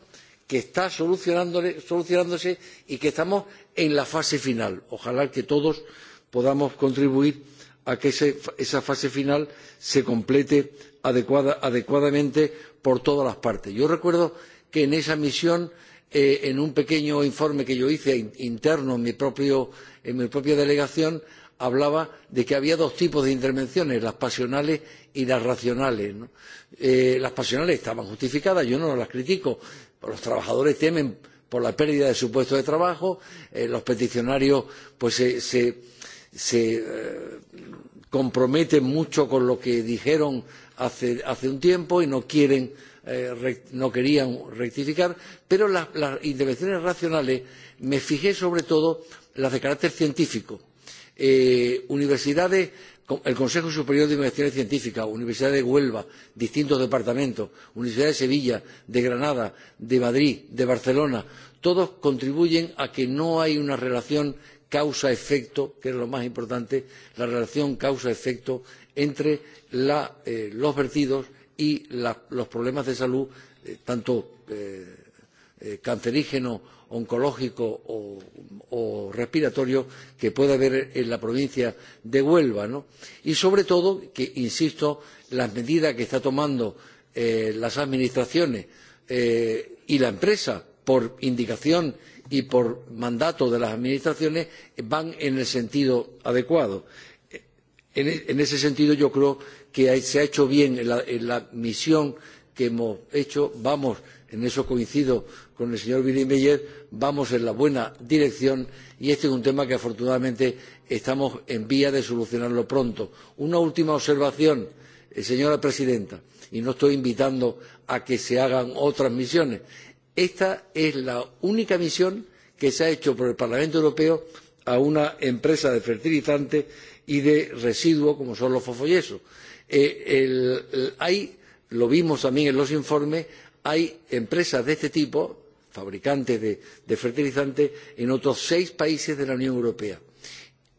que está solucionándose y que estamos en la fase final. Ojalá que todos podamos contribuir a que ese, esa fase final se complete adecuada, adecuadamente por todas las partes. Yo recuerdo que en esa misión Eh, en un pequeño informe que yo hice interno en mi, propia delegación, hablaba de que había dos tipos de intervenciones, las pasionales y las racionales. ¿no? Eh, las pasionales estaban justificadas, yo no las critico, los trabajadores temen por la pérdida de su puesto de trabajo, eh, los peticionarios pues se, se, se eh, comprometen mucho con lo que dijeron hace, hace un tiempo y no quieren Eh, no querían rectificar, pero en las intervenciones racionales me fijé sobre todo en las de carácter científico. Eh, universidades el Consejo Superior de Investigaciones Científicas, Universidad de Huelva, distintos departamentos, Universidad de Sevilla, de Granada, de Madrid, de Barcelona, todos contribuyen a que no haya una relación causa-efecto, que es lo más importante, la relación causa-efecto entre eh, los vertidos y los problemas de salud, eh, tanto eh, eh, cancerígenos oncológicos o, respiratorios que puede haber en la provincia de Huelva. ¿no? Y sobre todo, que, insisto, las medidas que están tomando eh, las administraciones eh, y la empresa por indicación y por mandato de las administraciones van en el sentido adecuado. E, en, ese sentido, yo creo que se ha hecho bien en la, misión que hemos hecho. Vamos, en eso coincido con el señor Meyer, vamos en la buena dirección y este es un tema que afortunadamente estamos en vía de solucionarlo pronto. Una última observación, eh, señora presidenta, y no estoy invitando a que se hagan otras misiones. Esta es la única misión que se ha hecho por el Parlamento Europeo a una empresa de fertilizantes y de residuos como son los fosfoyesos. Eh, el, el, eh, hay, lo vimos también en los informes, hay empresas de este tipo, fabricantes de, de fertilizantes, en otros seis países de la Unión Europea.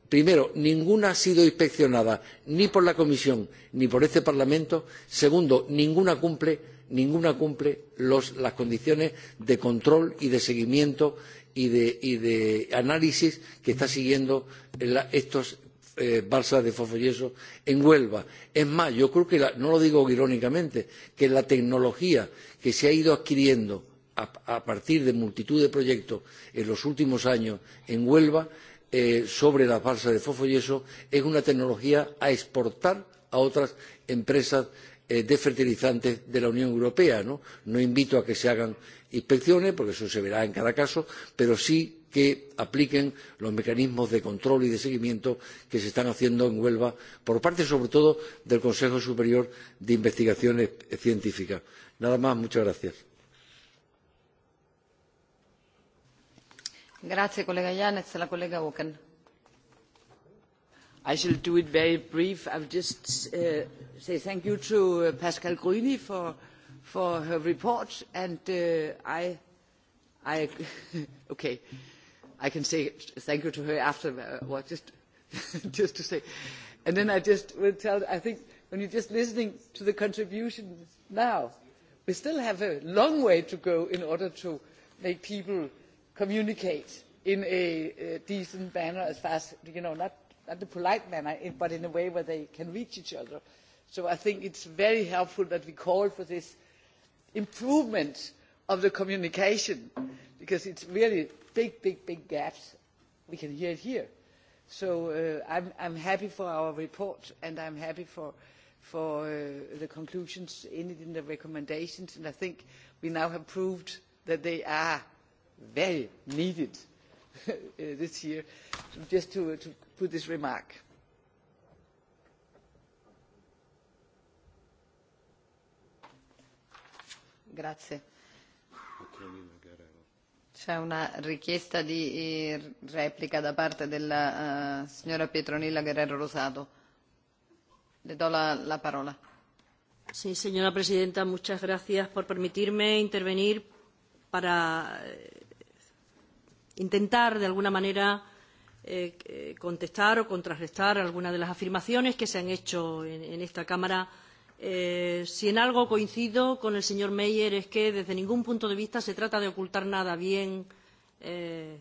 Primero, ninguna ha sido inspeccionada ni por la Comisión ni por este Parlamento. Segundo, ninguna cumple, ninguna cumple los, las condiciones de control y de seguimiento y de, y de análisis que está siguiendo la, estos eh, balsa de Fofolleso en Huelva. Es más, yo creo que, la, no lo digo irónicamente, que la tecnología que se ha ido adquiriendo a, a partir de multitud de proyectos en los últimos años en Huelva eh, sobre las balsas de Fofolleso es una tecnología a exportar a otras empresas eh, de fertilizantes de la Unión Europea. ¿no? no invito a que se hagan inspecciones, porque eso se verá en cada caso, pero sí que apliquen los mecanismos de control y de seguimiento que se están haciendo en Huelva por parte, sobre todo, del Consejo Superior de Investigaciones Científicas. Nada más, muchas gracias. Grazie, collega Janez, la collega Woken. I shall do it very brief. I will just uh, say thank you to uh, Pascal Gruny for, for her report, and uh, I, I (laughs) okay. I can say thank you to her after, uh, well, just, (laughs) just to say. And then I just will tell, I think when you're just listening to the contribution now, we still have a long way to go in order to make people communicate in a, a decent manner as fast, you know, not, not the polite manner, but in a way where they can reach each other. So I think it's very helpful that we call for this improvement of the communication because it's really big, big, big gaps. We can hear it here. So uh, I'm, I'm happy for our report, and I'm happy for, for uh, the conclusions in it, in the recommendations, and I think we now have proved that they are very needed (laughs) uh, this year, just to, to put this remark. Grazie. C'è una richiesta di eh, replica da parte della uh, signora Pietronilla Guerrero Rosato. Le do la, la parola. Sí, señora presidenta, muchas gracias por permitirme intervenir para eh, intentar, de alguna manera, eh, contestar o contrarrestar algunas de las afirmaciones que se han hecho en, en esta Cámara Eh, si en algo coincido con el señor Meyer es que desde ningún punto de vista se trata de ocultar nada bien. Eh,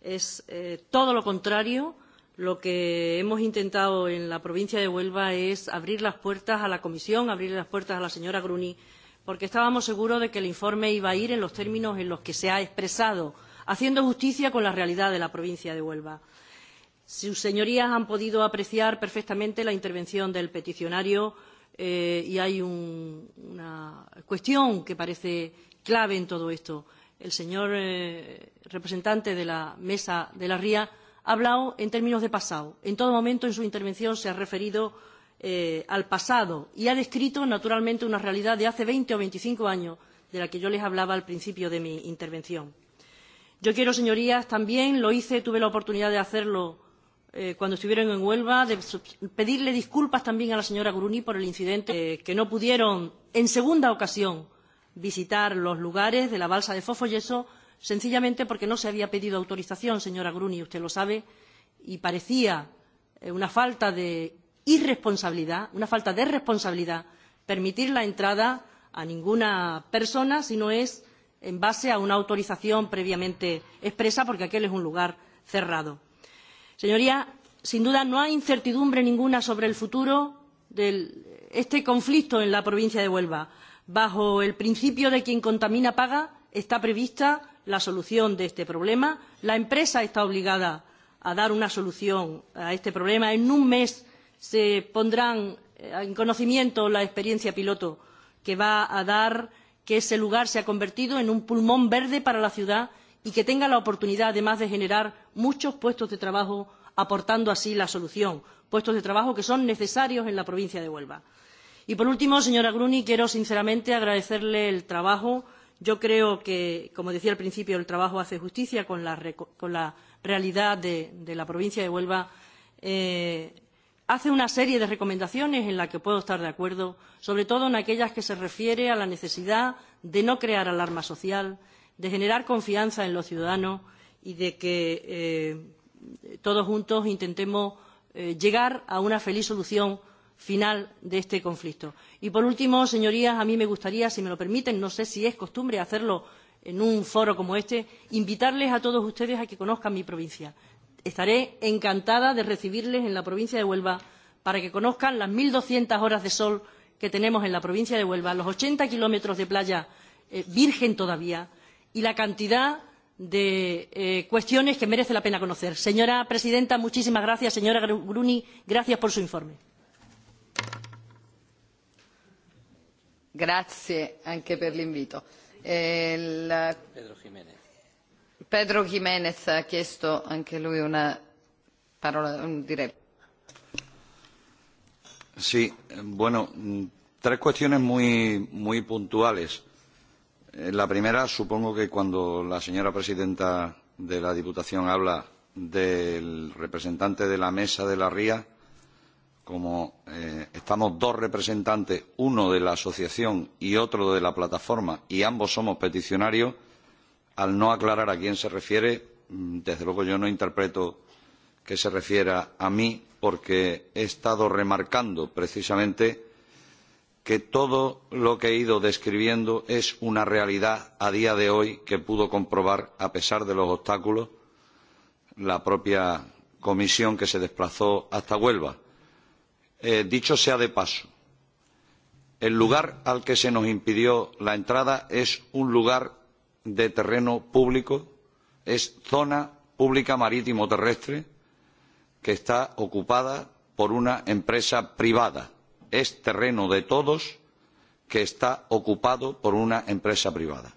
es eh, todo lo contrario. Lo que hemos intentado en la provincia de Huelva es abrir las puertas a la comisión, abrir las puertas a la señora Gruni, porque estábamos seguros de que el informe iba a ir en los términos en los que se ha expresado, haciendo justicia con la realidad de la provincia de Huelva. Sus señorías han podido apreciar perfectamente la intervención del peticionario eh, y hay un, una cuestión que parece clave en todo esto. El señor eh, representante de la mesa de la RIA ha hablado en términos de pasado. En todo momento en su intervención se ha referido eh, al pasado y ha descrito naturalmente una realidad de hace 20 o 25 años de la que yo les hablaba al principio de mi intervención. Yo quiero, señorías, también lo hice, tuve la oportunidad de hacerlo eh, cuando estuvieron en Huelva, de pedirle disculpas también a la señora Gruni por el incidente, eh, que no pudieron en segunda ocasión visitar los lugares de la balsa de Fofolleso, sencillamente porque no se había pedido autorización, señora Gruni, usted lo sabe, y parecía eh, una falta de irresponsabilidad, una falta de responsabilidad, permitir la entrada a ninguna persona si no es en base a una autorización previamente expresa, porque aquel es un lugar cerrado señorías sin duda no hay incertidumbre ninguna sobre el futuro de este conflicto en la provincia de huelva. bajo el principio de quien contamina paga está prevista la solución de este problema la empresa está obligada a dar una solución a este problema en un mes se pondrán eh, en conocimiento la experiencia piloto que va a dar que ese lugar se ha convertido en un pulmón verde para la ciudad y que tenga la oportunidad, además, de generar muchos puestos de trabajo, aportando así la solución, puestos de trabajo que son necesarios en la provincia de Huelva. Y, por último, señora Gruni, quiero sinceramente agradecerle el trabajo. Yo creo que, como decía al principio, el trabajo hace justicia con la, con la realidad de, de la provincia de Huelva. Eh, hace una serie de recomendaciones en las que puedo estar de acuerdo, sobre todo en aquellas que se refiere a la necesidad de no crear alarma social, de generar confianza en los ciudadanos y de que eh, todos juntos intentemos eh, llegar a una feliz solución final de este conflicto. Y por último, señorías, a mí me gustaría, si me lo permiten, no sé si es costumbre hacerlo en un foro como este, invitarles a todos ustedes a que conozcan mi provincia. Estaré encantada de recibirles en la provincia de Huelva para que conozcan las 1.200 horas de sol que tenemos en la provincia de Huelva, los 80 kilómetros de playa eh, virgen todavía, y la cantidad de eh, cuestiones que merece la pena conocer. Señora presidenta, muchísimas gracias. Señora Gruni, gracias por su informe. Grazie anche per l'invito. Eh, Pedro Jiménez. Pedro Jiménez ha chiesto anche lui una parola, un diré. Sí, eh, bueno, mm, tres cuestiones muy, muy puntuales la primera supongo que cuando la señora presidenta de la diputación habla del representante de la mesa de la ría como eh, estamos dos representantes uno de la asociación y otro de la plataforma y ambos somos peticionarios al no aclarar a quién se refiere mm, desde luego yo no interpreto que se refiera a mí porque he estado remarcando precisamente que todo lo que he ido describiendo es una realidad a día de hoy que pudo comprobar, a pesar de los obstáculos, la propia comisión que se desplazó hasta Huelva. Eh, dicho sea de paso, el lugar al que se nos impidió la entrada es un lugar de terreno público, es zona pública marítimo terrestre que está ocupada por una empresa privada es terreno de todos que está ocupado por una empresa privada.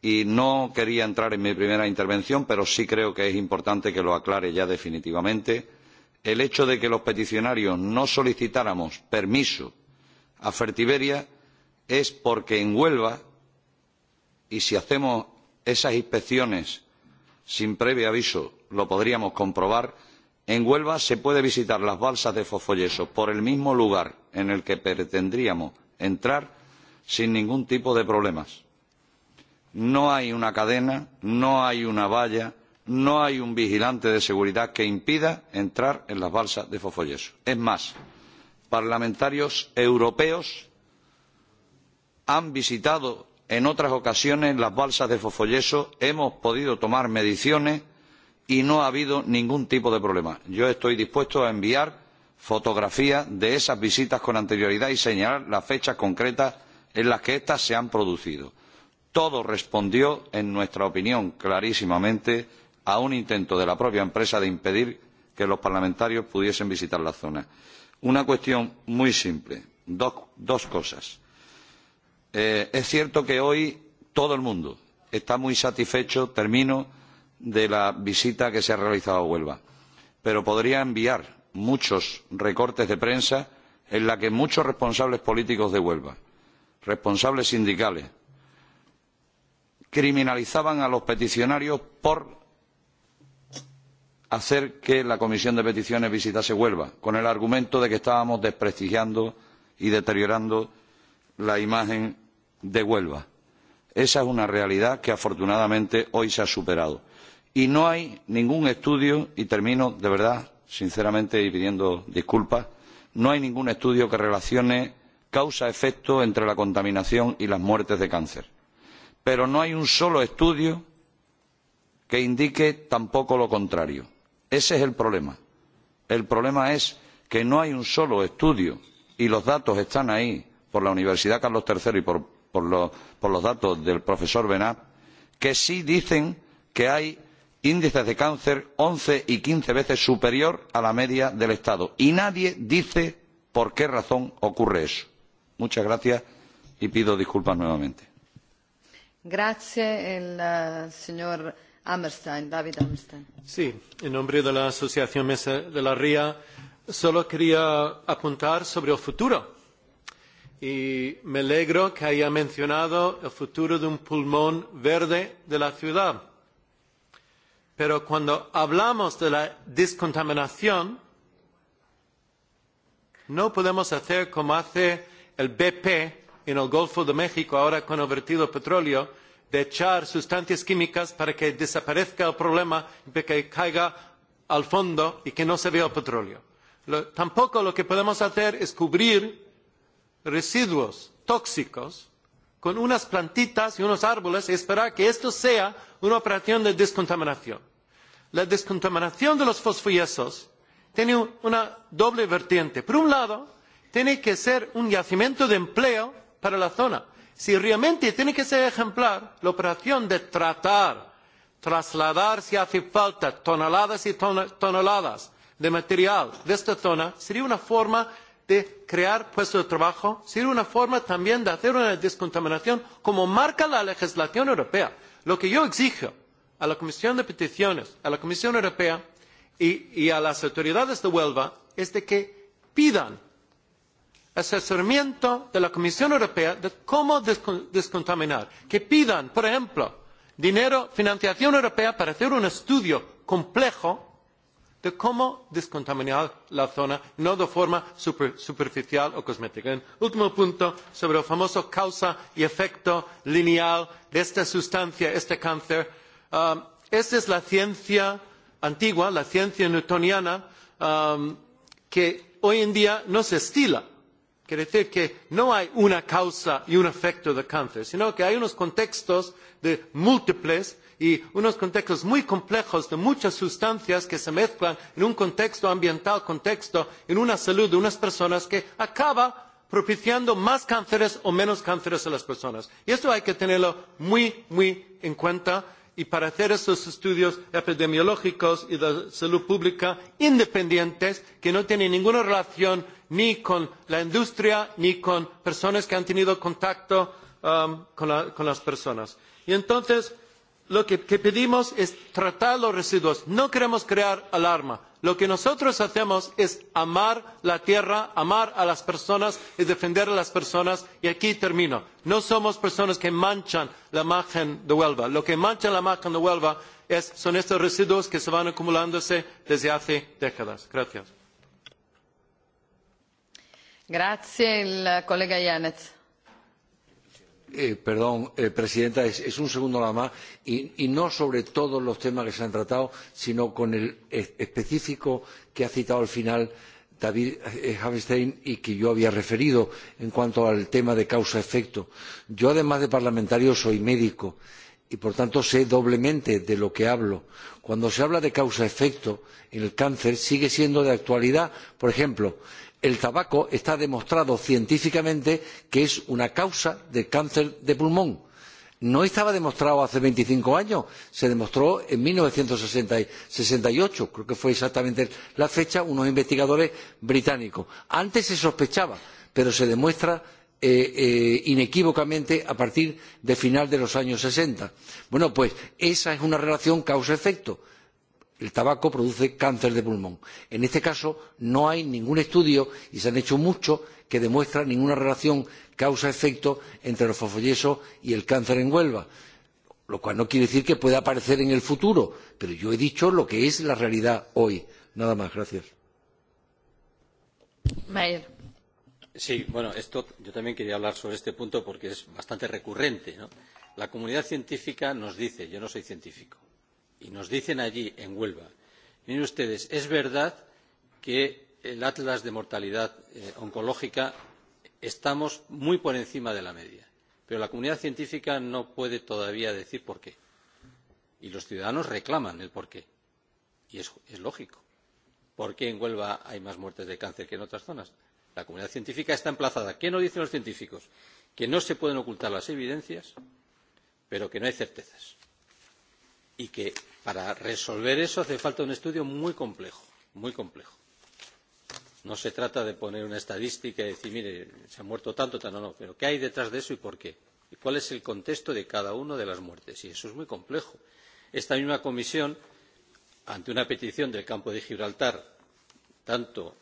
Y no quería entrar en mi primera intervención, pero sí creo que es importante que lo aclare ya definitivamente. El hecho de que los peticionarios no solicitáramos permiso a Fertiberia es porque en Huelva, y si hacemos esas inspecciones sin previo aviso, lo podríamos comprobar, en huelva se puede visitar las balsas de fosfoyeso por el mismo lugar en el que pretendíamos entrar sin ningún tipo de problemas. no hay una cadena no hay una valla no hay un vigilante de seguridad que impida entrar en las balsas de fosfoyeso. es más parlamentarios europeos han visitado en otras ocasiones las balsas de fosfoyeso hemos podido tomar mediciones y no ha habido ningún tipo de problema. yo estoy dispuesto a enviar fotografías de esas visitas con anterioridad y señalar las fechas concretas en las que estas se han producido. todo respondió en nuestra opinión clarísimamente a un intento de la propia empresa de impedir que los parlamentarios pudiesen visitar la zona. una cuestión muy simple dos, dos cosas. Eh, es cierto que hoy todo el mundo está muy satisfecho termino de la visita que se ha realizado a Huelva. Pero podría enviar muchos recortes de prensa en los que muchos responsables políticos de Huelva, responsables sindicales, criminalizaban a los peticionarios por hacer que la comisión de peticiones visitase Huelva, con el argumento de que estábamos desprestigiando y deteriorando la imagen de Huelva. Esa es una realidad que afortunadamente hoy se ha superado y no hay ningún estudio y termino de verdad sinceramente y pidiendo disculpas no hay ningún estudio que relacione causa efecto entre la contaminación y las muertes de cáncer pero no hay un solo estudio que indique tampoco lo contrario. ese es el problema. el problema es que no hay un solo estudio y los datos están ahí por la universidad carlos iii y por, por, lo, por los datos del profesor benach que sí dicen que hay índices de cáncer once y quince veces superior a la media del estado y nadie dice por qué razón ocurre eso. muchas gracias y pido disculpas nuevamente. Eh, señor Hammerstein, en nombre de la Asociación Mesa de la Ría, solo quería apuntar sobre el futuro. Y me alegro de que haya mencionado el futuro de un pulmón verde de la ciudad Pero cuando hablamos de la descontaminación, no podemos hacer como hace el BP en el Golfo de México, ahora con el vertido petróleo, de echar sustancias químicas para que desaparezca el problema y para que caiga al fondo y que no se vea el petróleo. Lo, tampoco lo que podemos hacer es cubrir residuos tóxicos con unas plantitas y unos árboles y esperar que esto sea una operación de descontaminación la descontaminación de los fosfoyesos tiene una doble vertiente. Por un lado, tiene que ser un yacimiento de empleo para la zona. Si realmente tiene que ser ejemplar, la operación de tratar, trasladar si hace falta toneladas y toneladas de material de esta zona sería una forma de crear puestos de trabajo, sería una forma también de hacer una descontaminación como marca la legislación europea. Lo que yo exijo a la Comisión de Peticiones, a la Comisión Europea y, y a las autoridades de Huelva es de que pidan asesoramiento de la Comisión Europea de cómo descontaminar. Que pidan, por ejemplo, dinero, financiación europea para hacer un estudio complejo de cómo descontaminar la zona, no de forma super, superficial o cosmética. En último punto, sobre el famoso causa y efecto lineal de esta sustancia, este cáncer, Um, esta es la ciencia antigua, la ciencia newtoniana, um, que hoy en día no se estila. Quiere decir que no hay una causa y un efecto del cáncer, sino que hay unos contextos de múltiples y unos contextos muy complejos de muchas sustancias que se mezclan en un contexto ambiental, contexto en una salud de unas personas que acaba propiciando más cánceres o menos cánceres en las personas. Y esto hay que tenerlo muy, muy en cuenta y para hacer esos estudios epidemiológicos y de salud pública independientes que no tienen ninguna relación ni con la industria ni con personas que han tenido contacto um, con, la, con las personas. y entonces lo que, pedimos es tratar los residuos no queremos crear alarma lo que nosotros hacemos es amar la tierra amar a las personas y defender a las personas y aquí termino no somos personas que manchan la imagen de huelva lo que mancha la imagen de huelva son estos residuos que se van acumulando desde hace décadas. Gracias señora eh, eh, presidenta, es, un segundo nada más, y, no sobre todos los temas que se han tratado, sino con el específico que ha citado al final David eh, Havenstein y que yo había referido en cuanto al tema de causa-efecto. Yo, además de parlamentario, soy médico y, por tanto, sé doblemente de lo que hablo. Cuando se habla de causa-efecto en el cáncer, sigue siendo de actualidad. Por ejemplo, el tabaco está demostrado científicamente que es una causa de cáncer de pulmón. No estaba demostrado hace 25 años, se demostró en 1968, creo que fue exactamente la fecha, unos investigadores británicos. Antes se sospechaba, pero se demuestra eh, eh, inequívocamente a partir de final de los años 60. Bueno, pues esa es una relación causa-efecto el tabaco produce cáncer de pulmón. En este caso no hay ningún estudio y se han hecho muchos que demuestran ninguna relación causa efecto entre los fosfoyesos y el cáncer en Huelva, lo cual no quiere decir que pueda aparecer en el futuro, pero yo he dicho lo que es la realidad hoy. Nada más, gracias. Mayer. Sí, bueno, esto, yo también quería hablar sobre este punto porque es bastante recurrente. ¿no? La comunidad científica nos dice, yo no soy científico, y nos dicen allí en huelva miren ustedes es verdad que en el atlas de mortalidad eh, oncológica estamos muy por encima de la media pero la comunidad científica no puede todavía decir por qué y los ciudadanos reclaman el por qué y es, es lógico. ¿Por qué en Huelva hay más muertes de cáncer que en otras zonas? La comunidad científica está emplazada. ¿Qué nos dicen los científicos? Que no se pueden ocultar las evidencias, pero que no hay certezas. Y que para resolver eso hace falta un estudio muy complejo muy complejo. no se trata de poner una estadística y decir mire se ha muerto tanto tal no no pero qué hay detrás de eso y por qué y cuál es el contexto de cada una de las muertes y eso es muy complejo. esta misma comisión ante una petición del campo de gibraltar tanto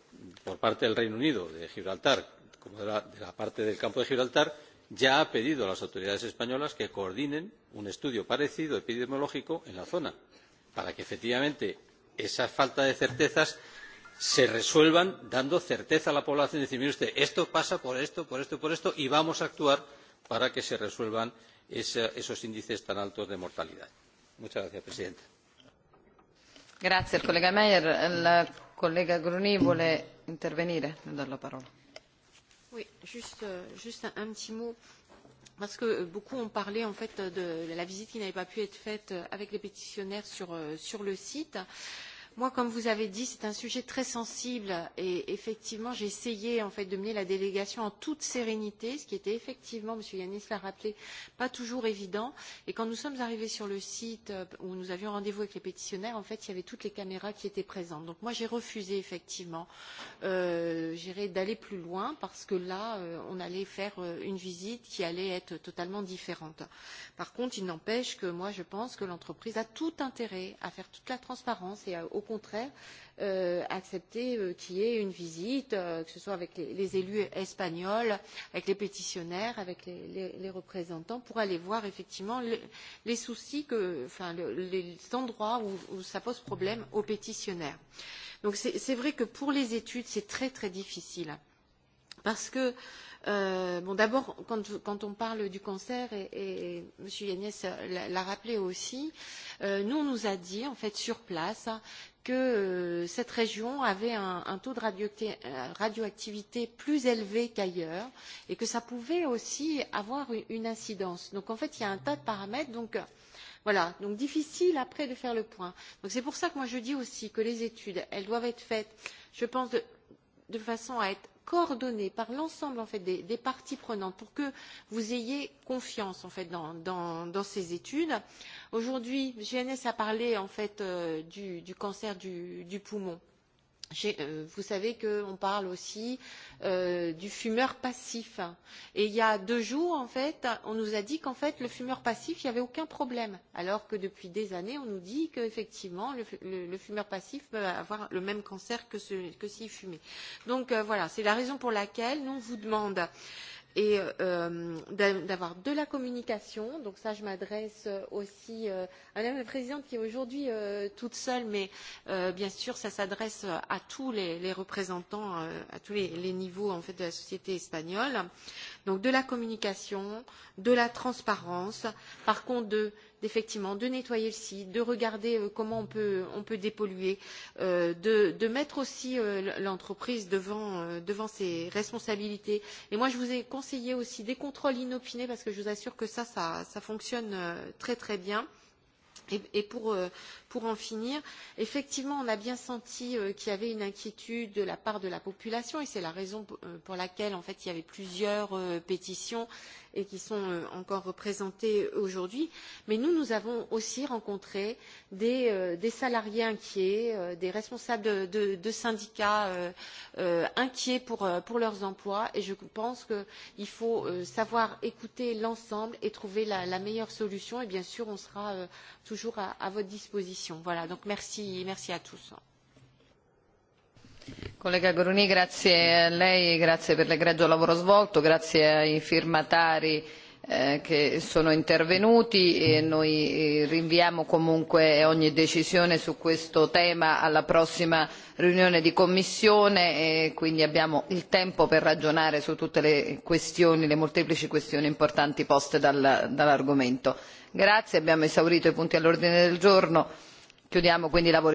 por parte del reino unido de gibraltar como de de la parte del campo de gibraltar ya ha pedido a las autoridades españolas que coordinen un estudio parecido epidemiológico en la zona para que efectivamente esa falta de certezas se resuelva dando certeza a la población y decir mire usted esto pasa por esto por esto y por esto y vamos a actuar para que se resuelvan esos índices tan altos de mortalidad. Muchas gracias, Presidenta. Grazie, collega Meyer. La collega Gruny vuole intervenire. Le do la parola. Oui, juste, euh, juste un, un petit mot. Parce que euh, beaucoup ont parlé en fait de la visite qui n'avait pas pu être faite euh, avec les pétitionnaires sur, sur le site. Euh, Moi, comme vous avez dit, c'est un sujet très sensible et effectivement, j'ai essayé en fait de mener la délégation en toute sérénité, ce qui était effectivement, Monsieur Yanis l'a rappelé, pas toujours évident. Et quand nous sommes arrivés sur le site euh, où nous avions rendez-vous avec les pétitionnaires, en fait, il y avait toutes les caméras qui étaient présentes. Donc moi, j'ai refusé effectivement, euh, d'aller plus loin parce que là, euh, on allait faire euh, une visite qui allait être totalement différente. Par contre, il n'empêche que moi, je pense que l'entreprise a tout intérêt à faire toute la transparence et à, au contraire euh, accepté euh, qu'il y ait une visite, euh, que ce soit avec les, les élus espagnols, avec les pétitionnaires, avec les, les, les représentants, pour aller voir effectivement le, les soucis, que, enfin, le, les endroits où, où ça pose problème aux pétitionnaires. Donc c'est vrai que pour les études, c'est très très difficile. Parce que, euh, bon, d'abord, quand, quand on parle du cancer, et, et M. Yanis l'a rappelé aussi, euh, nous, on nous a dit, en fait, sur place, que euh, cette région avait un, un taux de euh, radioactivité plus élevé qu'ailleurs et que ça pouvait aussi avoir une incidence. Donc en fait, il y a un tas de paramètres. Donc euh, voilà, donc difficile après de faire le point. Donc c'est pour ça que moi je dis aussi que les études, elles doivent être faites, je pense, de, de façon à être coordonnée par l'ensemble des, parties prenantes pour que vous ayez confiance dans, ces études. Aujourd'hui, GNS a parlé euh, du, cancer du, poumon. Euh, vous savez qu'on parle aussi euh, du fumeur passif et il y a deux jours en fait on nous a dit qu'en fait le fumeur passif il n'y avait aucun problème alors que depuis des années on nous dit qu'effectivement le, le, le fumeur passif peut avoir le même cancer que, que s'il fumait. donc euh, voilà c'est la raison pour laquelle nous on vous demande euh, et euh, d'avoir de la communication. Donc ça, je m'adresse euh, aussi euh, à Madame la Présidente qui est aujourd'hui toute seule, mais bien sûr, ça s'adresse à tous les, représentants, à tous les, niveaux en fait de la société espagnole. Donc de la communication, de la transparence, par contre de effectivement de nettoyer le site de regarder euh, comment on peut, dépolluer euh, de, mettre aussi euh, l'entreprise devant, ses responsabilités et moi je vous ai conseillé aussi des contrôles inopinés parce que je vous assure que ça ça, fonctionne très très bien. Et, pour en finir, effectivement, on a bien senti qu'il y avait une inquiétude de la part de la population et c'est la raison pour laquelle, en fait, il y avait plusieurs pétitions et qui sont euh, encore représentés aujourd'hui. Mais nous, nous avons aussi rencontré des, euh, salariés inquiets, euh, des responsables de, syndicats inquiets pour, leurs emplois et je pense qu'il faut savoir écouter l'ensemble et trouver la, meilleure solution et bien sûr on sera toujours à, votre disposition. Voilà, donc merci à tous collega gruny grazie a lei grazie per l'egregio lavoro svolto grazie ai firmatari eh, che sono intervenuti e noi eh, rinviamo comunque ogni decisione su questo tema alla prossima riunione di commissione e quindi abbiamo il tempo per ragionare su tutte le questioni le molteplici questioni importanti poste dall'argomento. grazie abbiamo esaurito i punti all'ordine del giorno chiudiamo quindi i lavori di quest'aula.